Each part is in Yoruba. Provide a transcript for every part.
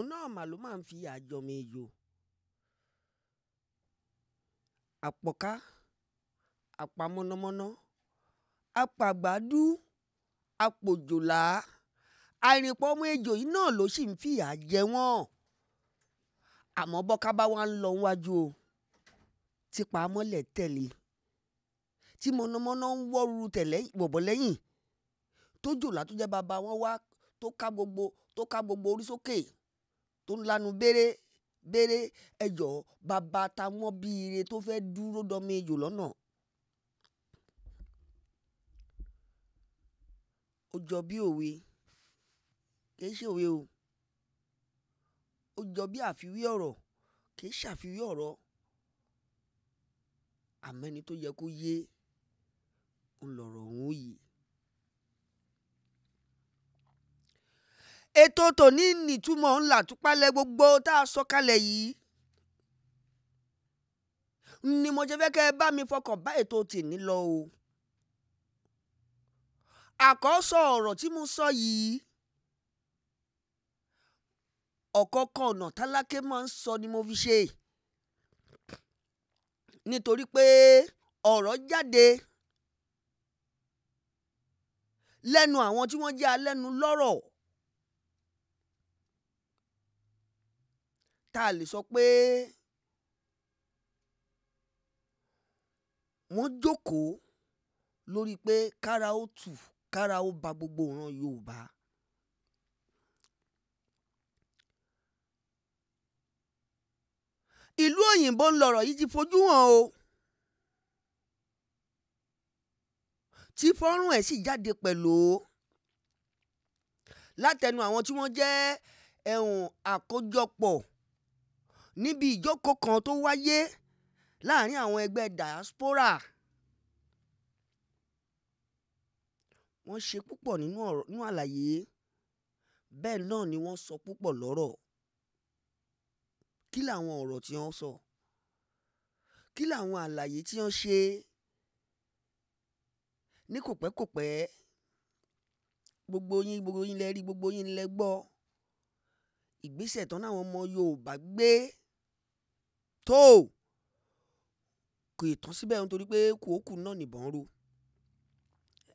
náà mà ló máa ń fi àjọ mi yò àpọ̀ká àpamọ́nàmọ́ná apàgbádú apòjòlá àìrìnpọ̀ ọmọ ejò yìí náà ló sì ń fìyà jẹ wọ́n àmọ́ bọ́ká bá wá ń lọ wájú o tipa mọ́lẹ̀ tẹ̀lé tí mọ̀nàmọ́ná ń wọ́ru tẹ̀lé bọ̀bọ̀ lẹ́yìn tó jòlá tó jẹ́ bàbá wọn wá tó ká gbogbo tó ká gbogbo orí sókè. So tó ń lanu béèrè béèrè ẹjọ́ bàbá táwọn bíi ire tó fẹ́ dúró dọ́mi ejò lọ́nà. ó jọ bí òwe kìí ṣe òwe o ó jọ bí àfiwé ọ̀rọ̀ kìí ṣàfiwé ọ̀rọ̀ àmọ́ ẹni tó yẹ kó yé ńlọrọ̀ òun ó yé. ètò tòní nìtumọ̀ ńlá túpalẹ̀ gbogbo tá a sọ yìí ni mo jẹ́ fẹ́ kẹ́ ẹ bá mi fọkàn bá ètò tìní lọ o àkọ́sọ ọ̀rọ̀ tí mo sọ yìí ọ̀kọ̀ọ̀kan ọ̀nà tálákẹ́ máa ń sọ ni mo fi ṣe nítorí pé ọ̀rọ̀ jáde lẹ́nu àwọn tí wọ́n jẹ́ alẹ́nu lọ́rọ̀ tá a lè sọ pé wọ́n jókòó lórí pé kára ó tù kára ó ba gbogbo ìran Yorùbá. ìlú òyìnbó ń lọ̀rọ̀ yìí ti fojú hàn o tí fọ́nrán ẹ̀ sì jáde pẹ̀lú látẹnu àwọn tí wọ́n jẹ́ ẹ̀hún àkójọpọ̀ níbi ìjókòó kan tó wáyé láàrin àwọn ẹgbẹ́ diaspora wọ́n ṣe púpọ̀ nínú àlàyé bẹ́ẹ̀ náà ni wọ́n sọ púpọ̀ lọ́rọ̀ kí làwọn ọ̀rọ̀ tí wọ́n sọ kí làwọn àlàyé tí wọ́n ṣe ní kò pẹ́ kò pẹ́ gbogbo yín gbogbo yín lẹ rí gbogbo yín lẹ gbọ́ ìgbésẹ̀ tán láwọn ọmọ Yorùbá gbé tó kò tán síbẹ̀ nítorí pé kòókù náà nìbọn ro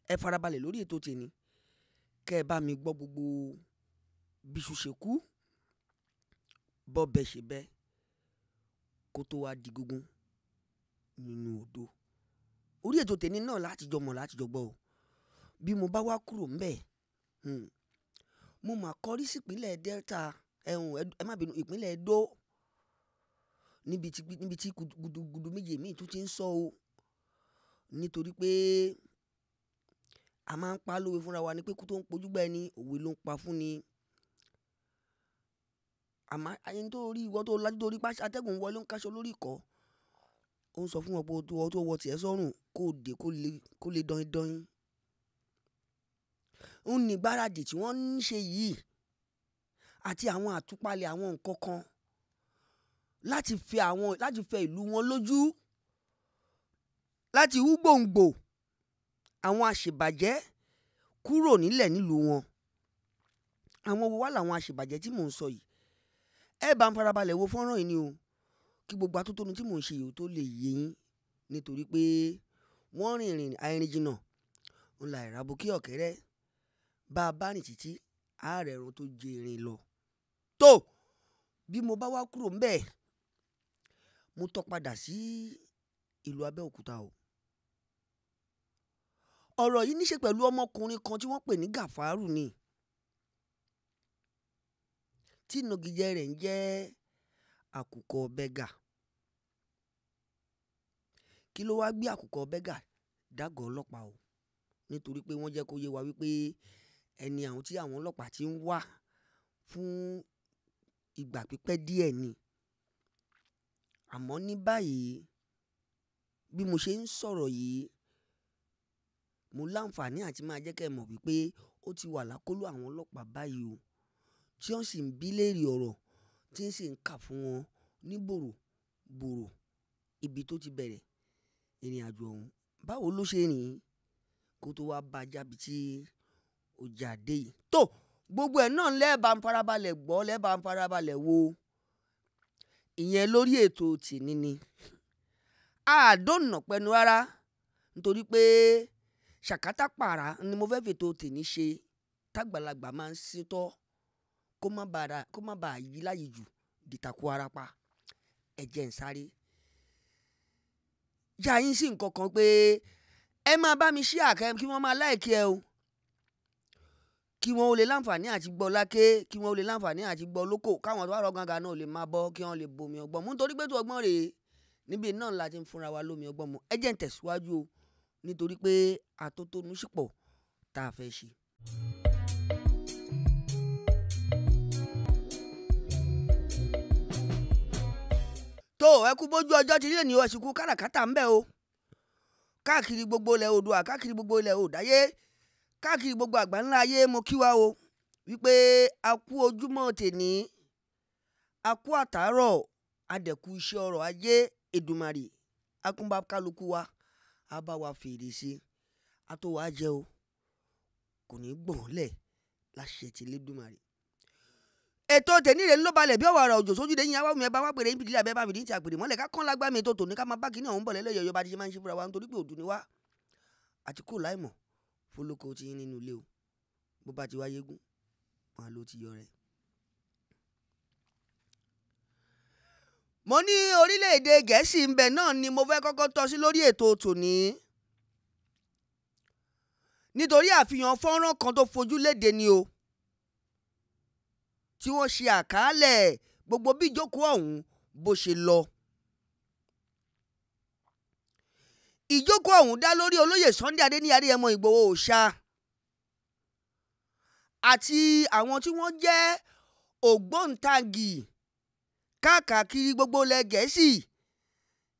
ẹ farabalẹ̀ lórí ètò tèmi kẹ́ ẹ bá mi gbọ́ gbogbo bíṣu ṣe kú bọ́bẹ̀ ṣe bẹ́ kó tó wá di gúngún nínú odò orí ètò tèmi náà láti jọ mọ̀ láti jọ gbọ́ o bí mo bá wá kúrò ńbẹ̀ hmm, mo mà kọrí sí Delta ẹ̀hún ẹ má bínú ìpínlẹ̀ Edo níbi tí gudugudu méje míì tún ti ń sọ o nítorí pé a máa ń pa lówe fúnra wa ni pé kó tó ń pojú gbà ẹni òwe ló ń pa fún ni àmọ́ ẹni tó rí ìwọ tó lajú tó rí pàṣẹ atẹ́gùn wọlé ń kaṣọ lórí ìkọ́ ó ń sọ fún ọ̀pọ̀ tó ọtó wọ tiẹ̀ sọ́rùn kó dé kó lè dọ́yìn dọ́yìn ń ní gbáradì tí wọ́n ń ṣe yìí àti àwọn àtúpalẹ̀ àwọn nǹkan kan láti fẹ àwọn láti fẹ ìlú wọn lójú láti hú gbòǹgbò àwọn àṣebàjẹ́ kúrò nílẹ̀ nílùú wọn àwọn wo wá làwọn àṣebàjẹ́ tí mò ń sọ yìí ẹ bá ń farabalẹ̀ wo fọ́nrán yìí ni o kí gbogbo atótónu tí mò ń ṣe yìí tó lè yé yín nítorí pé wọ́n rìn ìrìn àìrìn jìnnà ńlá ìràbùkí ọ̀kẹ́rẹ́ bá a bá rìn títí àárẹ̀ ẹ̀rọ tó jẹ ìrìn lọ. tó bí mo bá wá kúrò ńbẹ̀ mo tọ́ padà sí ìlú Abẹ́òkúta o ọ̀rọ̀ yìí níṣe pẹ̀lú ọmọkùnrin kan tí wọ́n pè ní Gàfárù ni tí ìnagijẹ rẹ̀ ń jẹ́ àkùkọ bẹ́gà kí ló wáá gbé àkùkọ bẹ́gà dágọ̀ ọlọ́pàá o nítorí pé wọ́n jẹ́ kó yé wa wípé ẹni àwọn tí àwọn ọlọ́pàá ti ń wá fún ìgbà pípẹ́ díẹ̀ ni. Àmọ́ ní báyìí bí mo ṣe ń sọ̀rọ̀ yìí, mo láǹfààní àti máa jẹ́ kí ẹ mọ̀ wípé ó ti wà lákọ́lò àwọn ọlọ́pàá báyìí o, tí wọ́n sì ń bí léèrè ọ̀rọ̀ tí ń sì ń kà fún wọn ní bòrò bòrò ibi tó ti bẹ̀rẹ̀ ìrìnàjò ọ̀hún. Báwo ló ṣe rìn kó tó wá bá jà bí tí ó jà dé yìí. Tó! Gbogbo ẹ̀ náà lẹ́ẹ̀ ń farabalẹ̀ gbọ́, lẹ́ẹ̀ ń farabalẹ̀ wo ìyẹn lórí ètò tìní ni àádọ́nà pẹ̀lú rárá nítorí pé ṣàkátà pààrà ni mo fẹ́ fètò tìní ṣe tágbàlagbà máa ń ṣètọ́ kó má bàa yí láyé jù dìtàkù arapa ẹ̀jẹ̀ ń sáré yà yín sí nǹkan kan pé ẹ máa bá mi ṣí àkẹ́ kí wọ́n máa láìkí ẹ o kí wọ́n ó lè láǹfààní àti gbọ́ láké kí wọ́n ó lè láǹfààní àti gbọ́ lóko káwọn tó bá rọ gangan náà lè máa bọ́ kí wọ́n lè bomi ọgbọ́n mú nítorí pé tó ọgbọ́n rèé níbi náà la fúnra wa lómi ọgbọ́n mu ẹ ń tẹ̀síwájú o nítorí pé àtótónu sì tá a fẹ́ ṣe. tó ẹ kú bójú ọjọ́ ti rí ènìyàn ẹ̀sìnkú káràkátà ń bẹ o káàkiri gbogbo ilẹ̀ Oòduà káàkiri gbogbo ilẹ̀ Oòdáyé káàkiri gbogbo àgbáńlá ayé mo kí wa o wípé a kú ojúmọ́ tèní a kú àtàárọ̀ adẹ̀kú iṣẹ́ ọrọ̀ ajé edumari. akúnbá kálukú wa á bá wa fèrè sí àtòwá jẹ o kò ní gbọ̀n lẹ̀ láṣẹ ti lẹ́dùmarè ètò tèmi rè ń ló balẹ̀ bí ọ̀wàrà òjò sójú de yín awáwùmí ẹ bá wá pèrè níbi abẹ́ bá fìdí ti àpèrè mọ́lẹ̀ ká kán lágbá mi ètò tòní ká máa bá kíní ọ̀hún bọ̀ lẹ́lẹ́yọ̀ yọba ti ṣe máa ń ṣe fúnra wa nítorí pé òdù ni wá àti kúrò láìmọ̀ fólókó tí yín nínú ilé o bó bá ti wáyé gùn wọn ló ti yọ rẹ. mo ní orílẹ̀-èdè gẹ̀ẹ́sì ń bẹ náà ni mo fẹ́ kọ́kọ́ tọ́ sí lórí ètò tòní nítorí àfihàn fọ́nrán kan tó fojú léde ni o tí wọ́n ṣe àkàálẹ̀ gbogbo bí ìjókòó ọ̀hún bó ṣe lọ. ìjókòó ọ̀hún dá lórí olóyè Sunday adé ní Adéyẹmọ Ìgbòho Òòṣà àti àwọn tí wọ́n jẹ́ ògbóǹtagì káàkiri gbogbo ilẹ̀ Gẹ̀ẹ́sì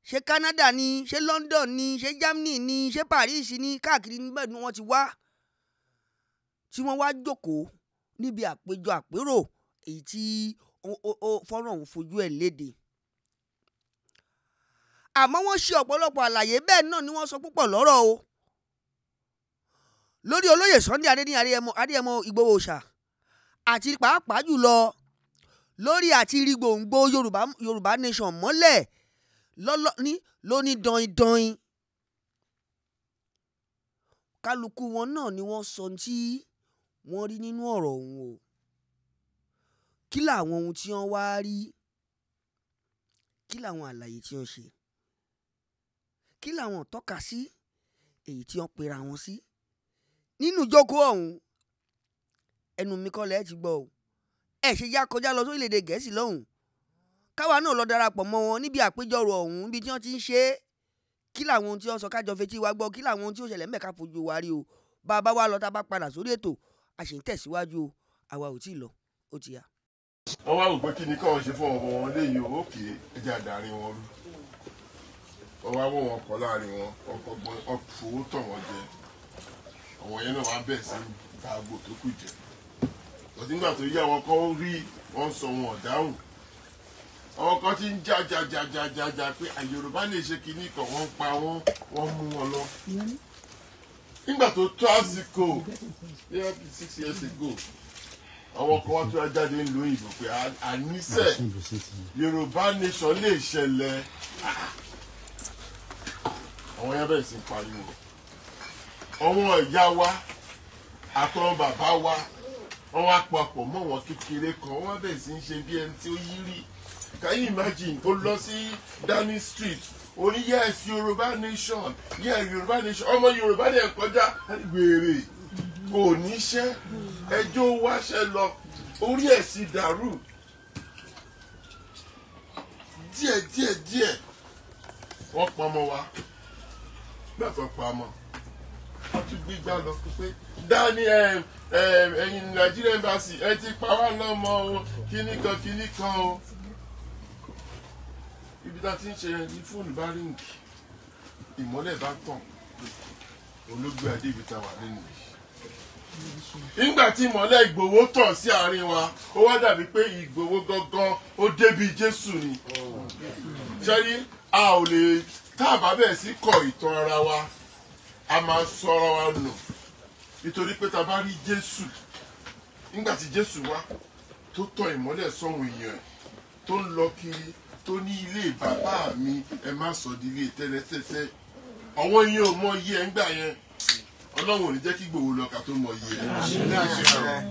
ṣé Canada ni ṣé London ni ṣé Germany ni ṣé Paris ni káàkiri níbẹ̀ ni wọ́n ti wá tí wọ́n wá jókòó níbi àpéjọ àpérò èyí tí fọ́nrán òun fojú ẹ̀ léde àmọ́ wọ́n ṣe ọ̀pọ̀lọpọ̀ àlàyé bẹ́ẹ̀ náà ni wọ́n sọ púpọ̀ lọ́rọ̀ o lórí olóyè Sunday adé ní adéyẹmọ adéyẹmọ Ìgbòho ṣà àti pàápàá jùlọ lórí àti rí gbòǹgbò Yorùbá Yorùbá nation mọ́lẹ̀ lọ́lọ́ ní lóní dọ́indọ́in kálukú wọn náà ni wọ́n sọ tí wọ́n rí nínú ọ̀rọ̀ ọ̀hún o kí làwọn ohun tí wọ́n wá rí kí làwọn àlàyé tí wọ́n ṣe kí làwọn tọ́ka sí èyí tí wọ́n pera wọn sí nínú ìjókòó ọ̀hún ẹnu mi kọ́ lẹ́ẹ̀ ti gbọ́ o ẹ ṣe já kọjá lọ sórílẹ̀‐èdè gẹ̀ẹ́sì lọ́hùn káwa náà lọ darapọ̀ mọ́ wọn níbi àpéjọrò ọ̀hún níbi tí wọ́n ti ń ṣe é kí làwọn ohun tí wọ́n sọ kájọ fetí wa gbọ́ kí làwọn ohun tí ó ṣẹlẹ̀ mẹ́ka fojú wa rí o bá a bá wa lọ tá a bá padà sórí ètò a ṣì ń tẹ̀síwájú o àwa ò tí ì lọ ó ti yá. wọ́n wá wò pé kí ni káwọn ṣe fún ọmọ wọn léyìí o ẹja àdàrin wọn rú wọ́n wá wọ̀ wọn kọ́ láàrin wọn ọkọ̀ gbọ́n ọ̀fọwọ́ tọ̀ wọ́n jẹ àwọn yẹn náà wá bẹ̀ sí gbàgbó tó kù jẹ lọ́dún nígbà tó yá wọn kọ́ rí wọn sọ wọn ọ̀dáhùn àwọn kan ti ń já já já já já já pé Yorùbá lè ṣe kinní kan wọ́n pa wọ́n wọ́n mú wọn lọ nígbà tó tó àsìkò ní ọdún six years ago àwọn kan wá tó wá jáde ń lo ìbò pé àníṣe Yorùbá nation lè ṣẹlẹ̀ àwọn yẹn bẹ̀rẹ̀ sí pariwo ọmọ ìyá wa àtọ́n bàbá wa wọ́n wá papọ̀ mọ́ wọn kékeré kan wọ́n bẹ̀rẹ̀ sí ń ṣe bí ẹni tí ó yí rí can you imagine ó lọ sí Downing Street ó ní yes Yorùbá nation yes Yorùbá nation ọmọ Yorùbá ni ẹ̀ kọjá gbèrè kò níṣẹ́ ẹjọ́ wáṣẹ́ lọ orí ẹ̀ sì dàrú díẹ̀ díẹ̀ díẹ̀ wọ́n pamọ́ wa gbàtọ pamọ́ wọn tún gbígbá lọ pé dání ẹ̀yin nàìjíríà ẹmbàsì ẹ ti pa wá lọ́mọ o kíní kan kíní kan o ibi tá a ti ń ṣe ní fóònù bá ríǹkì ìmọ́lẹ̀ bá tàn olóògbé adé ibi tá a wà lẹ́nu yìí nígbà tí ìmọ́lẹ̀ Ìgbòho tàn sí àárín wa ó wá dàbí pé Ìgbòho gangan ó débi Jésù ni ṣẹ́rí a ò lè tá a bá bẹ̀rẹ̀ sí kọ ìtàn ara wa a máa sọ ara wa nù nítorí pé ta bá rí Jésù nígbà tí Jésù wá tó tọ ìmọ́lẹ̀ sọ̀hún èèyàn tó ń lọ kiri tó ní ilé bàbá mi ẹ má sọ di ilé tẹ́lẹ̀tẹ́lẹ̀ ọwọ́ yẹn ò mọ iye ẹ̀ ń gbà yẹn ọlọ́run ò ní jẹ́ kí gbòòwò lọ tó mọ iye ẹ̀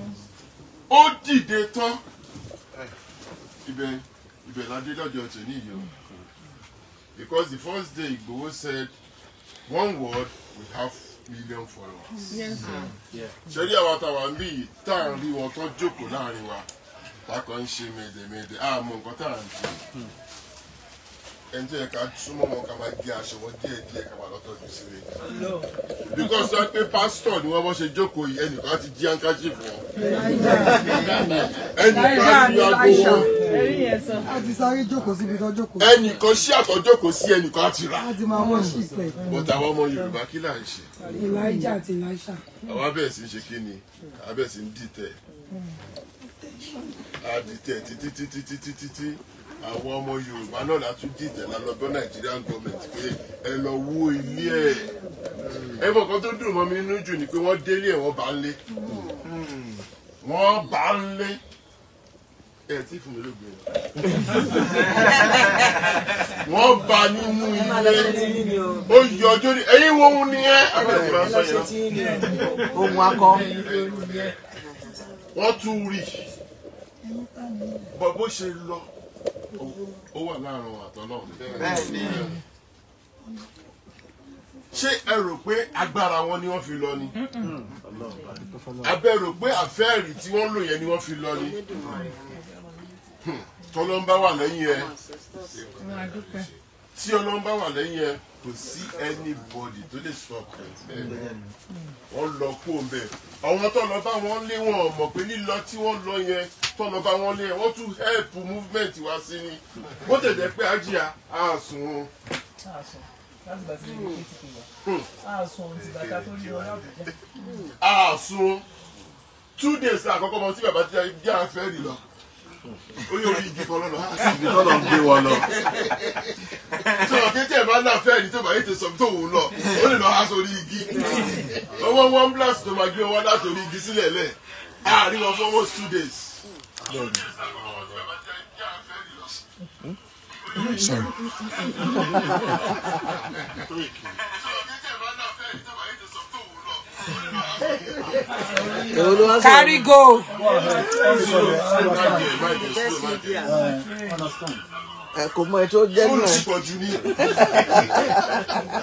ó dìde tán ibẹ̀ ládé lọ́jọ́ tòní yìí o. Because the first day Igboho said, one word, we have million followers. Yes, sir. Mm. Yeah. Ṣẹ́rí àwọn àtàwọn míì tá à ń rí wọn tó jókòó láàrin wa, tá a kàn ń ṣe mèdèmèdè, àmọ́ nǹkan tá à ń ṣe. Hmm ẹni tó yẹ wọn ká máa gé aṣọ wọn díẹ̀ díẹ̀ ká máa lọ́tọ́jú sílé. because wọ́n pé pásítọ̀ ni wọ́n bọ́ ṣe jókòó yìí ẹnìkan ti jí ankachi fún ọ. ẹnìkan ti yọ agbo wọn. a ti sáré jókòó síbi tó jókòó. ẹnìkan ṣí àtọ̀ jókòó sí ẹnìkan á ti rà. a ti máa wọ́n sí ìpẹ́. bọ́tà àwọn ọmọ Yorùbá kí là ń ṣe. Elijah àti Elisha. àwọn abẹ́ẹ̀ sì ń ṣe kí ni abẹ́ẹ̀ sì ń dìtẹ̀ àdìtẹ̀ títí títí títí títí àwọn ọmọ yorùbá náà látún dìtẹ̀ lálọ́dọ́ nigerian government pé ẹ lọ wó ilé ẹ̀ ẹ mọ̀ kan tó dùn mọ́ mi nínú jù ni pé wọ́n délé ẹ̀ wọ́n bá ń lé wọ́n bá ń lé ẹ tí fún mi ló gbé wọ́n bá nínú ilé ó yọ ọjọ́ ní ẹ̀yìn wo ohun ni ẹ́ àgbẹ̀kùnrin aṣọ yẹn ohun akọ wọ́n tún rí bó ṣe lọ ó wà láàrin àtọ́lọ́run. bẹ́ẹ̀ni ṣé ẹ rò pé agbára wọn ni wọ́n fi lọ ni abẹ rò pé àfẹ́ẹ̀rí tí wọ́n lò yẹn ni wọ́n fi lọ ni hmm. tọ́lọ́ ń bá wà lẹ́yìn ẹ tí ọlọ́run bá wà lẹ́yìn ẹ kò sí anybody tó lè stop ẹ wọ́n lọ kú ọ̀bẹ àwọn tó lọ bá wọn lé wọn mọ̀ pé lílọ tí wọ́n lọ yẹn tó lọ bá wọn lé yẹn wọ́n tún help movement wá sí ni bó tẹ̀lé pé ajíya á sùn o. á sùn two days àkọ́kọ́ mọ sí bàbá tí a fẹ́ rí lọ ó yóò igi kan lọ́nà á sì ní ń gbé wọn lọ. tó o kété ẹ̀ bá náà fẹ́ẹ̀ ní tó bá yé tẹ̀sán tó wù lọ ó lè lọ́ọ́ aṣọ orí igi owó one blast tó máa gbé wọn láti orí igi sílẹ̀ lẹ̀ láàrin wọn fún almost two days. Hmm? Sorry. Carry go. Ẹ kò mọ ètò jẹ́ náà. Fóònù ti pọ̀jù ní.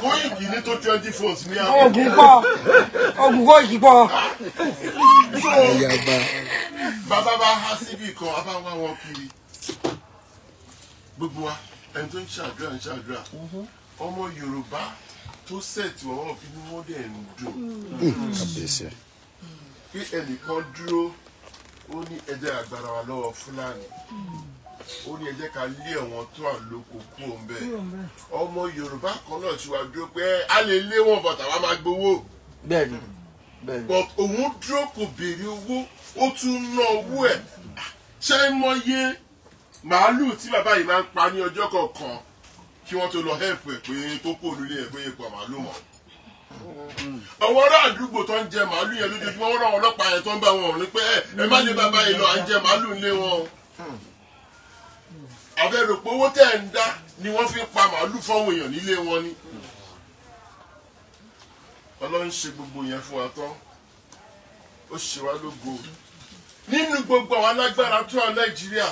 Kóyìnkì ní tó twenty fours ní àwọn. Oògùn pọ̀. Oògùn kóyìnkì pọ̀. Bàbá bá há síbì kan, a bá wá wọn kiri. Gbogbo wa, ẹni tó ń ṣàdúrà ń ṣàdúrà. Mhm. Ọmọ Yorùbá tó sẹ̀tì wọn wọn fi ní wọ́n dẹ̀ ń dùn. pé hmm. ẹnìkan dúró ó ní ẹjẹ́ agbára wa lọ́wọ́ fúlàní ó ní ẹjẹ́ ká lé ẹ̀wọ̀n tó àlòkù kúrò ńbẹ̀ ọmọ yorùbá kan náà ti wá dúró pé a lè lé wọn bàtà wa máa gbowó. bẹ́ẹ̀ni bẹ́ẹ̀ni. but òun dúró kò béèrè owó ó tún ná owó ẹ̀ ṣé mọ iye màálù tí bàbá yìí máa ń pa ní ọjọ́ kọ̀ọ̀kan kí wọ́n tó lọ help ẹ̀ pé tó kó olùlé ẹ̀ pé ipa màálù mọ̀. àwọn ará àdúgbò tó ń jẹ màálù yẹn lójoojúmọ́ wọ́n rán àwọn ọlọ́pàá yẹn tó ń bá wọn ní pé eh, ẹ má lè bàbá yìí lọ à ń jẹ màálù lé wọn. àbẹ̀rò pé tẹ̀ ń dá ni wọ́n fi pa màálù fọ́wọ́ èèyàn nílé wọn ni. ọlọ́run ṣe gbogbo yẹn fún wa tán ó ṣe wá lógo nínú gbogbo àwọn alágbára tó wà nàìjíríà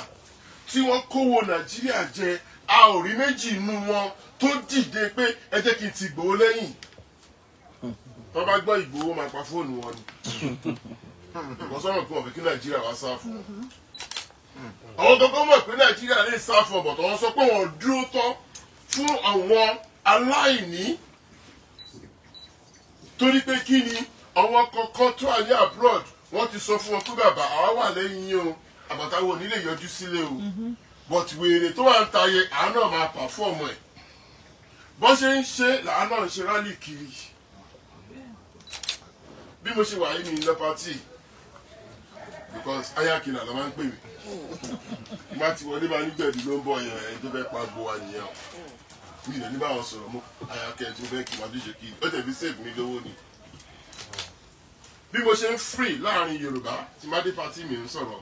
tí wọ́n kówó nàìjíríà jẹ a ò rí méjì inú wọn tó dìde pé ẹ jẹ́ kí n ti Ìgbòho lẹ́yìn tó bá gbọ́ Ìgbòho máa pa fóònù wọn ni wọ́n sọ̀rọ̀ pé wọ́n fẹ́ kí Nàìjíríà wá sá fún un àwọn kankan mọ̀ pé Nàìjíríà lè sá fún ọ̀bọ̀ tó wọ́n sọ pé wọ́n dúró tán fún àwọn aláìní torí pé kí ni àwọn kankan tó wà ní abroad wọ́n ti sọ fún wọn pé bàbá àwa wà lẹ́yìn yín o àbàtàwọn ò ní yọjú sílé o but wèrè tó wà ń ta yẹ àánú máa pàfọ́ọ̀mù ẹ̀ bó ṣe ń ṣe làánú ń ṣe rálì kiri bí mo ṣe wà yìí ní ilẹ̀ pàtì because ayakila ló máa ń pè mí má ti wọlé máa nígbẹ̀dì ló ń bọ̀ yẹn ẹni tó fẹ́ pa gbo wa nìyẹn o mi ìrẹ̀ nígbà wọn sọ̀rọ̀ mọ́ ayakẹ́ tó fẹ́ kí wàá díje kí ó tẹ̀bi save mi lówó ni bí mo ṣe ń free láàrin Yorùbá tí má dé pàtì mi ń sọ̀rọ̀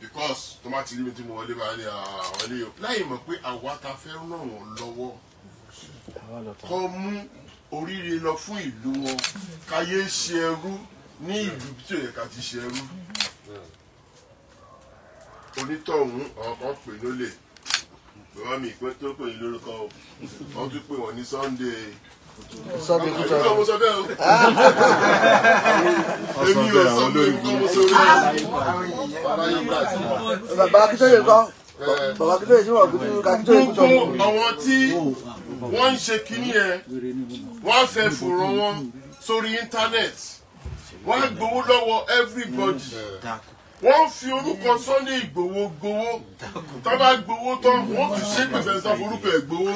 because tó má ti rí mi tí mo wọlé báyìí àwọn ilé yòókù láì mọ̀ pé àwa ta fẹ́ ràn wọ́n lọ́wọ́ kọ́ mú oríire lọ fún ìlú wọn káyé ṣe ẹrú ní ìlú tí ò yẹ ká ti ṣe ẹrú onítọ̀hún àwọn kan pè lólè bàbá mi ìpẹ́ tó pè lórúkọ wọn tún wọ́n ní Sunday sọ pé kí tọ́jú. ọmọ sọ bẹ́ẹ̀ o. èmi ò sọ pé nǹkan mo sọ bẹ́ẹ̀ o. bàbá akíntọ́yè kọ́ eh. bàbá akíntọ́yè sí wọn kí akíntọ́yè kú tọ́jú. gbogbo àwọn tí wọ́n ń ṣe kínní ẹ̀ wọ́n á fẹ́ fòrò wọn sórí íńtánẹ́ẹ̀tì wọ́n á gbowó lọ́wọ́ everybody wọ́n fi orúkọ Sunday Ìgbòho gbowó tó bá gbowó tán wọ́n tún ṣépè fẹ́ sá forúkọ ẹ̀ gbowó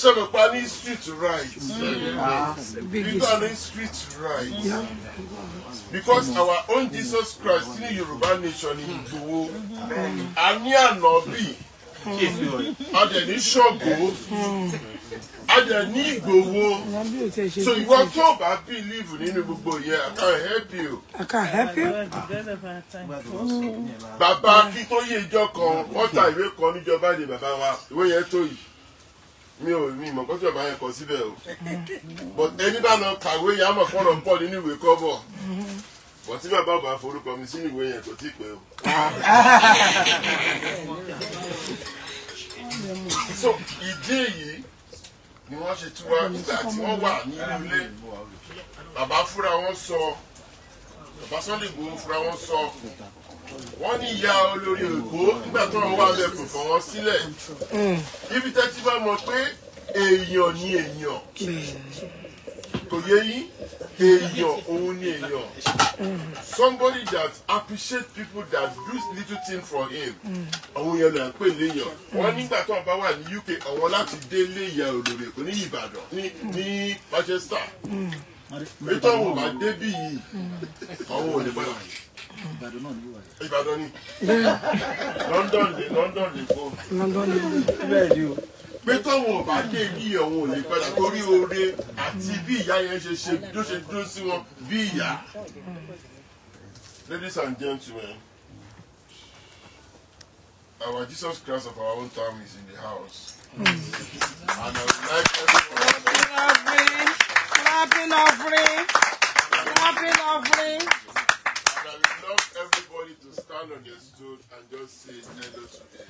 ṣé mi pa ní street right mm. peter ní street right because our own Jesus Christ ní Yorùbá nation ní Ìgbòho mm-hmm. a ní ànábì a dẹ̀ ní Ṣàngó a dẹ̀ ní Ìgbòho so ìwọ tó o bá believe nínú gbogbo yẹn I can help you. I can help you. bàbá Akíntóyè ìjọ kan wọ́n ta ìwé kan níjọba ni bàbá wa ìwé yẹn tó yìí mi ò mi ìmọ̀ kọ́tí ọ̀bá yẹn kọ síbẹ̀ o but ẹni bá lọ kàwé yẹn á mọ̀ fọ́nà pọ̀ nínú ìwé kọ́bọ̀ but tí bàbá ọba forúkọ mi sínú ìwé yẹn kò tí ì pẹ́ o. so ìdí èyí ni wọ́n ṣe tú wa nígbà tí wọ́n wà ní ilé bàbá fúnra wọn sọ bàbá Sunday Igboho fúnra wọn sọ ọkùnrin wọ́n ní ìyá olórí èkó nígbà tó wọ́n wà lẹ́kùn fọ́ wọn sílẹ̀ ibi tẹ́tí bá mọ̀ pé èèyàn ni èèyàn kò yé yín èèyàn òun ni èèyàn somebody that appreciate people that do little thing for him àwọn yẹn là ń pè léèyàn wọ́n nígbà tó wọ́n bá wà ní UK àwọn láti dé lé ìyá olórí èkó ní Ìbàdàn ní Manchester mm. bí tọ́wọ́ bá débì yìí àwọn ò lè bá wà yìí. Ìbàdàn náà ni wà. Ìbàdàn ni. London lè London lè kó. London lè Bẹ́ẹ̀ ni o. Pé tọ́wọ̀n ọ̀bà kéèdì ọ̀hún ò lè padà torí oore àti bí ìyá yẹn ṣe ṣe tó ṣe dúró sí wọn bí ìyá. Ladies and gentlemen, our Jesus Christ of our own time is in the house. Mm. And I would like everyone. Clapping offering. Clapping offering. Clapping offering help everybody to stand on their stool and just say hello to them.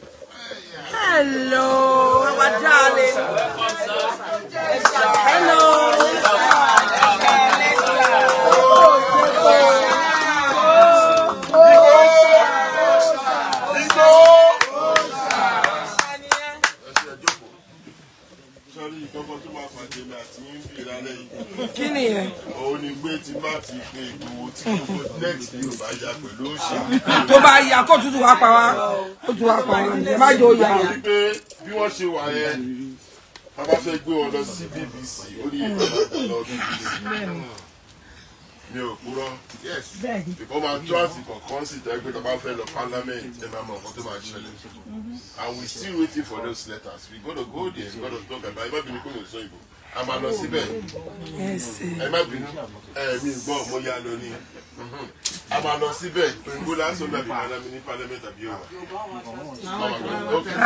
Hello, our darling. Hello. hello. lálẹ́ yìí. kí ni yẹn. òun ni pé tí bá ti pe ìgbòho tí gbogbo nẹ́ẹ̀tì yóò bá ya pẹ̀lú òṣèlú. tó bá ya kó tútù wá pa wá kó tútù wá pa wá ẹ má jẹ́ òye àyà. bí wọ́n ṣe wà yẹn a bá fẹ́ gbé wọn sí BBC ó ìgbà lọ BBC mi ò kúrọ yes ìkọ́ máa tó àsìkò kan sì jẹ́ pé tọ́ba fẹ́ lọ parliament ẹ máa mọ ọkọ tó máa ṣẹlẹ̀ mm-hmm. and we still waiting for those letters we gotta go there we gotta talk about it má bínú kó lè sọ ìbò a máa lọ síbẹ̀ ẹ má bínú ẹ̀mí gbọ́ mo yá lọ ní a máa lọ síbẹ̀ òyìnbó lásán dàbí màdá mi ní parliament àbí ọ̀wà.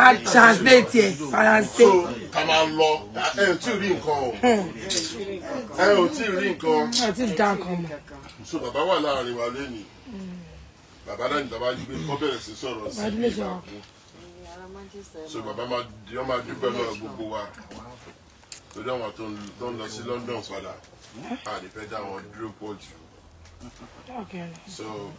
a translate ẹ faransé. so ká máa lọ ẹ ò tí ì rí nǹkan o ẹ ò tí ì rí nǹkan. ẹ ti dá nǹkan mọ. so bàbá wà láàrin wa lónìí bàbá náà ní bàbá yìí pé kọ́ bẹ̀rẹ̀ sí sọ̀rọ̀ sí ìgbà kú so bàbá máa dúpẹ́ lọ́wọ́ gbogbo wa torí àwọn tó ń lọ sí London padà àdè fẹ́ dá àwọn dúró pọ̀ jù so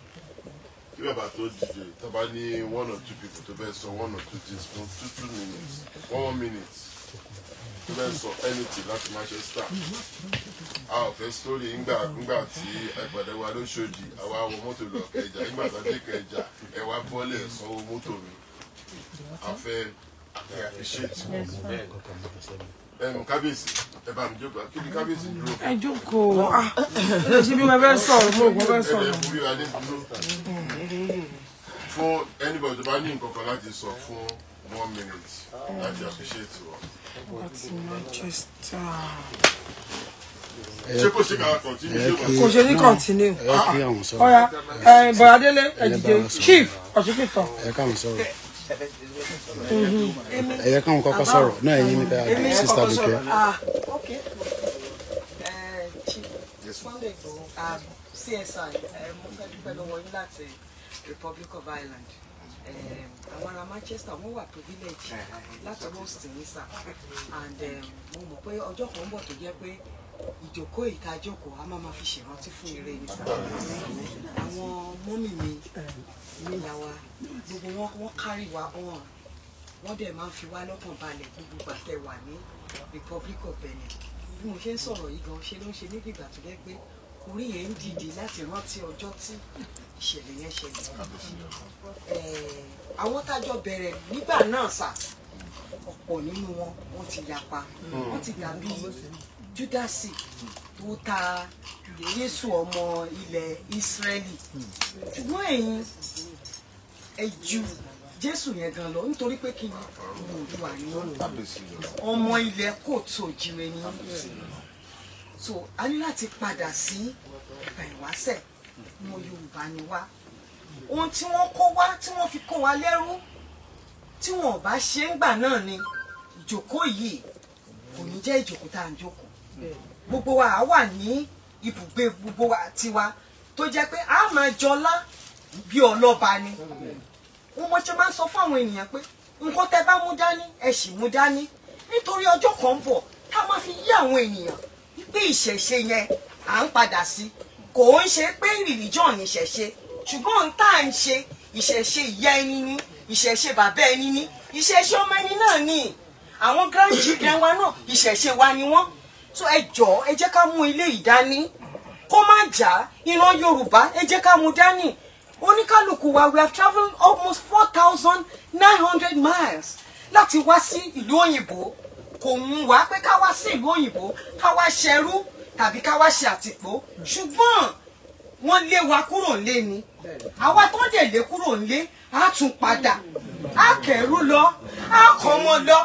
kí bàbá tó dìde tó bá ní one or two people tó fẹ́ sọ one or two things fún two two minutes one one minute tó fẹ́ sọ anything láti Manchester a ò fẹ́ story ńgbà ńgbà tí ẹgbẹ̀dẹ̀ wa ló ṣòdì àwa wọ mọ́tò lọ kẹjà ńgbà tó dé kẹjà ẹ wá bọ́lẹ̀ sanwó mọ́tò mi a fẹ́ appreciate kábíyèsí ẹ bá mi jókòó kí ni kábíyèsí dúró. ẹ jókòó ẹ ṣe bí mo fẹ́ sọ̀rọ̀ mo kò fẹ́ sọ̀rọ̀. ẹ kúrí adé dúró fún anybody tó bá ní nǹkan kan láti sọ fún one minute láti appreciate wọn. láti Manchester. kò ṣe continue ní continue. ọ̀ya bọ̀dé délé ẹ chief ọ̀ṣun kìtọ̀. ẹ ẹ̀yẹ káwọn kọ́kọ́ sọ̀rọ̀ náà ẹ̀yin nípa sísá dùkẹ́. Sunday Igboho ah, CSI eh, mo fẹ́ dúpẹ́ lọ́wọ́ Republic of Ireland Um, àwọn from Manchester wọ́n wà privilege láti roast ní sà and um, mọ̀ pé ọjọ́ kan ń bọ̀ tó ìjókòó ìtajọ́kọ̀ a máa ma fi ṣèrántí fún ire ni àwọn mọ́mì mi níyà wa gbogbo wọn wọ́n kárì wa hàn wọ́n dẹ̀ máa ń fi wá lọ́kàn balẹ̀ gbogbo gbàtẹ́ wà ní Republic of Benin bí mo ṣe ń sọ̀rọ̀ yìí gan ṣe ló ń ṣe níbi ìgbà tó jẹ́ pé orí yẹn ń dìde láti rántí ọjọ́ tí ìṣẹ̀lẹ̀ yẹn ṣẹlẹ̀ àwọn tájọ bẹ̀rẹ̀ nígbà náà sà ọ̀pọ̀ nínú wọn wọ́n ti yapa wọ́n ti dàbí júdásì tó ta yéésù ọmọ ilẹ̀ ìsírẹ́lì ṣùgbọ́n ẹ̀yin ẹ jù jésù yẹn gan lọ nítorí pé kí ni olùwà ni ọmọ ilẹ̀ kò tó jire ni so a ní láti padà sí ìgbà ìwásẹ̀ ọmọ yorùbá ni wá ohun tí wọ́n kó wá tí wọ́n fi kó wa lẹ́rú tí wọn bá ṣe ń gbà náà ni ìjòkó yìí kò ní jẹ́ ìjòkó tá à ń jòkó gbogbo wa á wà ní ibùgbé gbogbo wa tiwa tó jẹ́ pé a máa jọlá bí ọlọ́ba ni mo ṣe máa ń sọ fún àwọn ènìyàn pé nǹkan tẹ́ bá mú dání ẹ sì mú dání nítorí ọjọ́ kan ń bọ̀ tá a máa fi yí àwọn ènìyàn pé ìṣẹ̀ṣe yẹn à ń padà sí kò ń ṣe pé religion ìṣẹ̀ṣe ṣùgbọ́n ohun tá ń ṣe ìṣẹ̀ṣe ìyá ẹni ní ìṣẹ̀ṣe bàbá ẹni ní ìṣẹ̀ṣe ọmọ ẹni náà ní àwọn grandchildren wa náà ìṣẹ̀ṣe wa ni wọ́n so ẹ jọ ẹ jẹ́ ká mú ilé yìí dání kó má jà ìran Yorùbá ẹ jẹ́ ká mú dání oníkálukú wa we have travelled almost four thousand nine hundred miles láti wá sí ìlú òyìnbó kò ń wá pé ká wá sí ìlú òyìnbó ká wá ṣẹrú tàbí ká wá ṣe àtìpó ṣùgbọ́n wọ́n lé wa kúrò ńlé ni àwa tó dẹ̀ lé kúrò ńlé á tún padà á kẹ̀rú lọ á kọ́ ọmọ lọ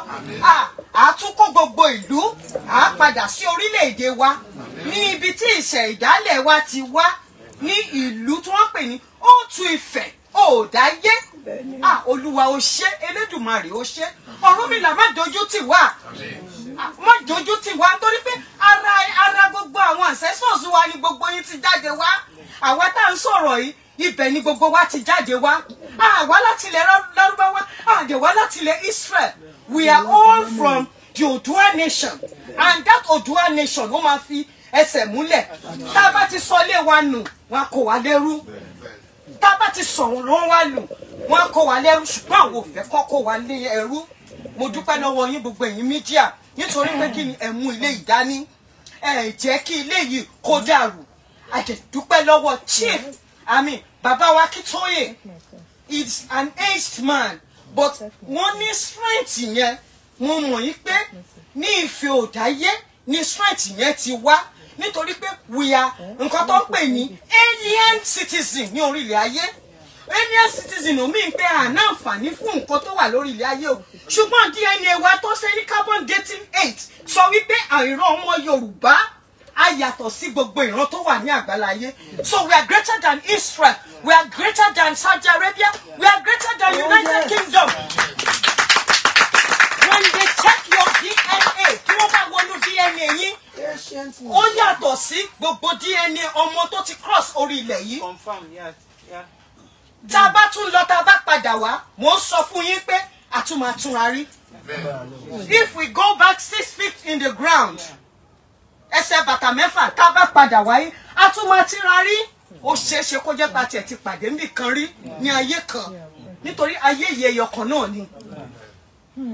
a tún kó gbogbo ìlú a padà sí orílẹ̀-èdè wa ní ibi tí ìṣẹ̀dálẹ̀ wa ti wá ní ìlú tí wọ́n pè ní Òtù Ifẹ̀ òòdáyé olúwa ó ṣe Elédùmarè ó ṣe Ọ̀rúnmìlà má dojú tì wá má dojú tì wá nítorí pé ara ara gbogbo àwọn ancestors wa ni gbogbo yín ti jáde wá àwa tá à ń sọ̀rọ̀ yìí ibẹ̀ ni gbogbo wa ti jáde wá àwa láti ilẹ̀ lárúbá and they Israel. We are all from the Odua nation. And that Odua nation, Omafi, máa fi ẹsẹ̀ múlẹ̀. Tá a bá ti sọ ilé wa nù, wọn kò wá lẹ́rú. Tá a bá ti sọ̀rọ̀ lọ́n wa nù, wọn kò wá lẹ́rú. Ṣùgbọ́n àwọn òfẹ́ kọ́ kó you lé ẹrú. Mo dúpẹ́ lọ́wọ́ yín gbogbo ẹ̀yin mídíà nítorí pé kí ni ẹ mú ilé ìdání. Ẹ jẹ́ kí ilé chief, I mean, Baba Wakitoye is an aged man but wọ́n ní strength yẹn mo mọ̀ yí pé ní ìfẹ́ òdáyé ní strength yẹn ti wá nítorí pé we are nǹkan tó ń pè ní alien citizen ní orílẹ̀ ayé alien citizen ò mí pé àná àǹfààní fún nǹkan tó wà lórí ilẹ̀ ayé o ṣùgbọ́n DNA wa tó ṣe ní carbon dating eight sọ wípé àìrọ̀ ọmọ Yorùbá a yàtọ̀ sí gbogbo ìran tó wà ní àgbáláyé so we are greater than Israel we are greater than Saudi Arabia we are greater than oh, United Kingdom when they check your DNA kí wọ́n bá wọnú DNA yín ó yàtọ̀ sí gbogbo DNA ọmọ tó ti cross orí ilẹ̀ yìí tá a bá tún lọ tá a bá padà wá mò ń sọ fún yín pé àtúmọ̀ àtúnra rí if we go back six feet in the ground. Yeah ẹsẹ̀ bàtà mẹ́fà tá a bá padà wáyé a tún máa tíra rí ó ṣeé ṣe kó jẹ́ pa tiẹ̀ ti pàdé níbì kan rí ní ayé kan nítorí ayé yẹ ẹyọkan náà ni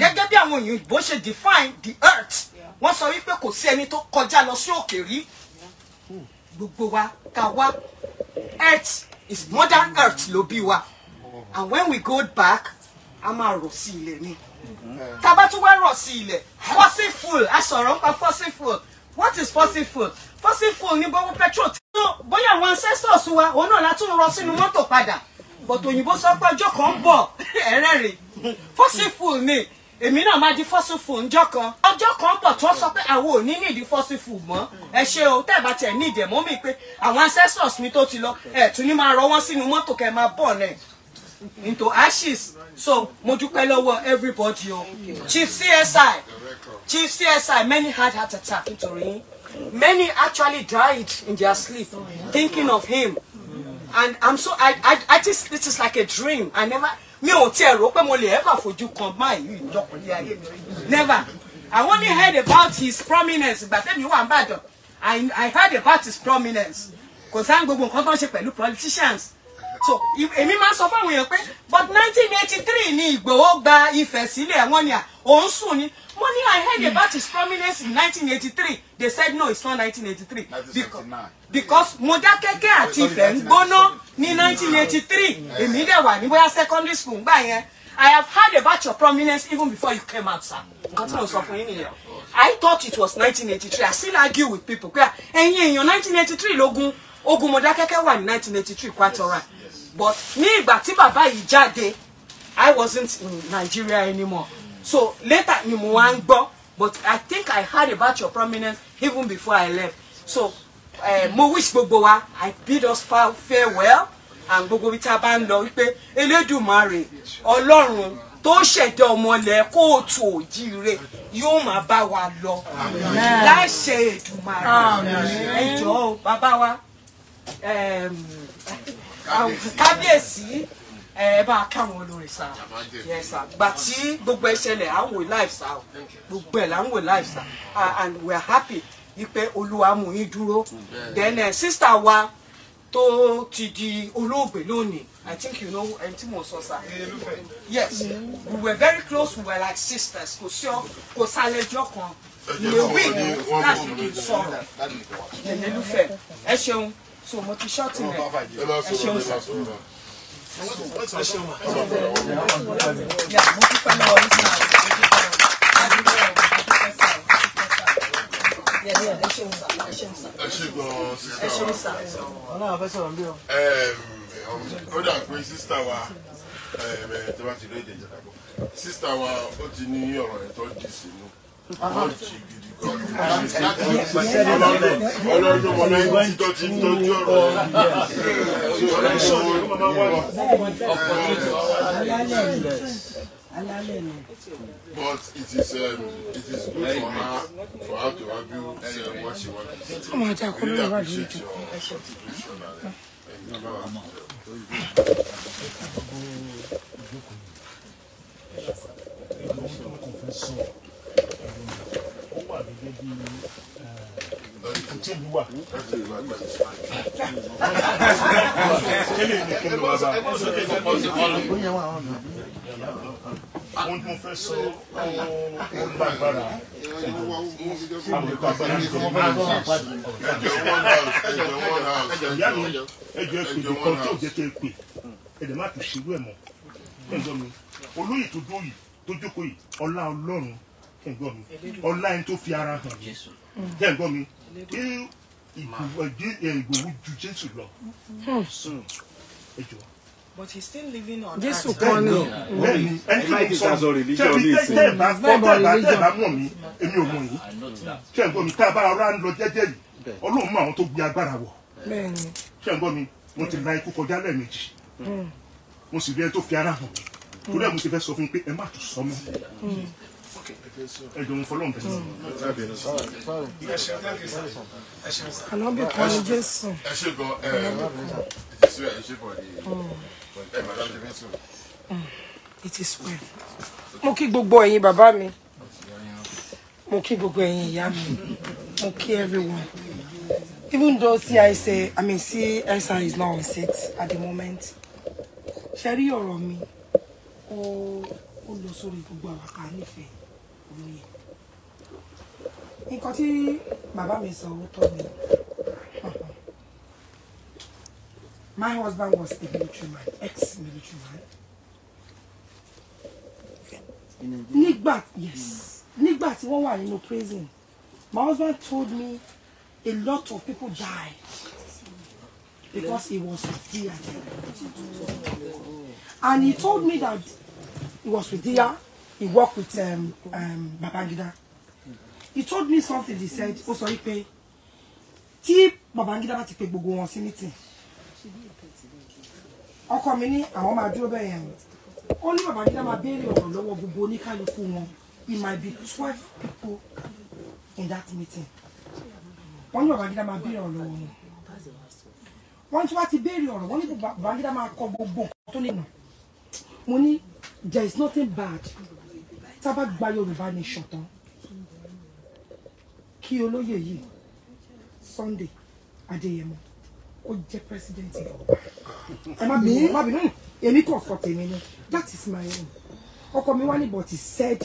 gẹ́gẹ́ bí àwọn èèyàn ìbò ṣe define the earth wọ́n sọ wípé kò sí ẹni tó kọjá lọ sí òkè rí gbogbo wa ká wá earth is modern earth ló bí wa and when we go back a máa rọ̀ sí ilẹ̀ ni tá a bá tún wá rọ̀ sí ilẹ̀ fossil fuel a sọ̀rọ̀ nípa fossil fuel what is fossil fuel fossil fuel ní gbogbo petrol tí ó bóyá àwọn ancestors wa òun náà la tún rọ sínú mọ́tò padà but òyìnbó sọ pé ọjọ́ kan ń bọ̀ ẹ̀rẹ́rìn fossil fuel ni èmi náà máa di fossil fuel ńjọ́ kan ọjọ́ kan bọ̀ tó sọ pé àwọn ò ní nídìí fossil fuel mọ́ ẹ ṣe o tẹ́ ẹ bá need, nídìí ẹ̀ mọ́ mi pé àwọn ancestors mi tó ti lọ ẹ̀ tún ní máa rọ wọ́n sínú mọ́tò kẹ́ máa bọ̀ náà into ashes so mo dúpẹ́ lọ́wọ́ everybody o chief csi Chief CSI, many had heart attack nítorí Many actually died in their sleep thinking of him. And I'm so I I I just this is like a dream. I never mi ò tiẹ̀ rò pé mo lè ever fojú kan báyìí ìjọkùnrin ayé Never. I only heard about his prominence ìgbà tẹ́mi wà ń bàdàn. I I heard about his prominence. Kò sáà gbogbo nǹkan tó ń ṣe pẹ̀lú politicians so èmi máa ń sọ fáwọn èèyàn pé but nineteen eighty three ni Ìgbòho gba Ifẹ̀ sílẹ̀ wọ́n ní à òun sùn ni Money I heard mm. about his prominence in 1983. They said no, it's not 1983. Because, because Modakeke oh, àti Ifẹ̀ ń gbóná 1983. Èmi dẹ̀ wà ní bóyá secondary school gbà I have heard about your prominence even before you came out, sir. Nǹkan tí mo sọ I thought it was 1983. I still argue with people. Pé ẹ̀yin èèyàn 1983 lógún ogun Modakeke wà in 1983 quite alright. But ní ìgbà tí bàbá yìí jáde, I wasn't in Nigeria anymore so later in Mwango, but i think i heard about your prominence even before i left so uh, mo i bid us farewell and gbogbo bí ta bá ń lọ wípé elédùmarè ọlọ́run tó ṣẹ̀dá ọmọlẹ̀ kóòtù òjíire yóò máa bá wa lọ láṣẹ èdùmarè ẹjọ́ bàbá wa eh, kábíyèsí ẹ bá a ká àwọn olórin sá yẹn sá gbà tí gbogbo ẹ ṣẹlẹ̀ à ń wò live sá o gbogbo ẹ là ń wò live sá and we are happy wípé olúwa mú yín dúró then eh, sister wa tó ti di olóògbé lónìí i think you know ẹni tí mo sọ sá yes we were very close we were like sisters kò sí ọ kò sálẹjọ kan ìwé wíìgì láti kì í sọ̀rọ̀ ẹnìlúfẹ ẹ ṣeun so mo ti ṣọ́ọ̀tì rẹ ẹ ṣeun sá mo dúpẹ́ lọ́wọ́ yìí sáà mo dúpẹ́ o adúpẹ́ o adúpẹ́ ẹ ṣeun sáà ẹ but it is um, it is good for her for her to have you um, what she wants to really appreciate your contribution and thank you very much wà gẹ́gẹ́ bí olóyè tó dó yìí tó jókòó yìí ọlá ọlọ́run ẹ̀gbọ́n mi ọlá ẹni tó fi ara hàn mí jẹ́ ẹ̀gbọ́n mi kí Ìgbòho ju Jésù lọ hmm. hmm. ẹjọ́. But he's still living on Jésù kan ni. ẹni tí mo sọ, ṣebí tẹ́tẹ́ bá tẹ́tẹ́ bá tẹ́tẹ́ bá mọ̀ mí, èmi ò mọ̀ yín. Ṣé gbọ́ mi? Tá a bá ara ń lọ jẹ́jẹ́ yìí, Ọlọ́run mọ àwọn tó gbé agbára wọ̀. Ṣé gbọ́ mi? Mo ti la ikú kọjá lẹ́ẹ̀mejì. Hmm. Mo sì rí ẹni tó fi ara hàn mí. Torí ẹ̀ mo ti fẹ́ sọ fún yín pé ẹ má tún sọ mọ́. Ànábì kan ní Jésù. Ẹ ṣe gan ẹ ẹ ṣe bọ̀ ní ẹ máa dájú ní sùn. It is well. Mo kí gbogbo ẹ̀yin bàbá mi. Mo kí gbogbo ẹ̀yin ìyá mi. Mo kí everyone. Even though CIC, I mean CSI is not on set at the moment. Sherry, you're on me. Ó lọ sórí gbogbo àwàkà nífẹ̀ẹ́ lóye nǹkan tí bàbá mi sọ ó tọ́ mi my husband was a military man ex-military man nígbà yes hmm. nígbà tí wọ́n wà nínú prison my husband told me a lot of people died because he was with Dia and he told me that he was with Dia he worked with um, um, Babangida. He told me something. He said, "Oh, sorry, pé tí Babangida bá ti pe gbogbo wọn sí meeting." Ọkọ mi ní àwọn máa dúró bẹ́ẹ̀ yẹn. Ó ní Babangida máa béèrè ọ̀rọ̀ lọ́wọ́ gbogbo oníkálukú wọn. It might be twelve people in that meeting. Only Babangida máa béèrè ọ̀rọ̀ lọ́wọ́ wọn. Wọ́n ti wá ti béèrè ọ̀rọ̀. Babangida máa kọ gbogbo nǹkan tó there is nothing bad tá a bá gba Yorùbá ní ṣọ̀tán kí olóyè yìí Sunday Adéyẹmọ ó jẹ́ president Yorùbá ẹ má bínú má bínú èmi kò sọ tèmi ni that is my own ọkọ mi wá ní but he said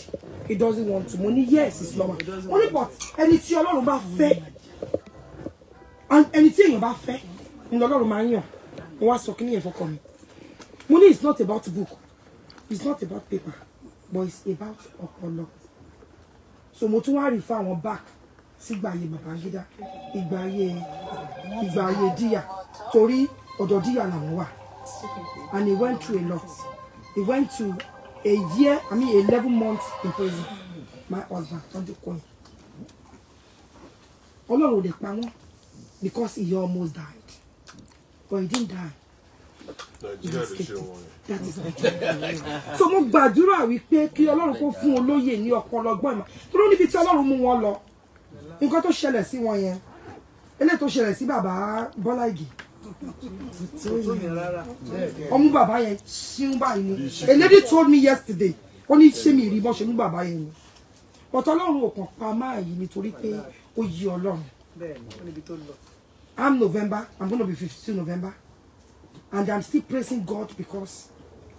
he doesn't want to mo ní yes is normal mo ní but ẹni tí ọlọ́run bá fẹ́ ẹni tí èèyàn bá fẹ́ ni ọlọ́run máa ń yàn mo wá sọ kí ni ìyẹn fọkàn mi mo ní it's not about book it's not about paper but it's about ọpọlọ so mo tún wá rí fáwọn back sígbà ayé Babangida ìgbà ayé ìgbà ayé díyà torí ọ̀dọ̀ díyà làwọn wà and he went through a lot he went to a year i mean eleven months in prison my husband tọ́jú kọ́ ẹ̀ ọlọ́run ò lè pa wọ́n because he almost died but he didn't die so mo gbàdúrà wípé kí ọlọ́run kó fún olóyè ní ọpọlọ ọgbọ́n ìmọ̀ tó ló níbi tí ọlọ́run mú wọn lọ nǹkan tó ṣẹlẹ̀ sí wọn yẹn eléyìí tó ṣẹlẹ̀ sí bàbá Bọ́lá Ìgè ọmú bàbá yẹn ṣí ń báyìí ni a lady told me yesterday ó ní ṣé mi rí bọ́ ṣe mú bàbá yẹn ni ọ̀tọ̀ ọlọ́run ò kàn pa máa yìí nítorí pé ó yí ọlọ́run I'm November I'm gonna be fifteen November and i'm still praising god because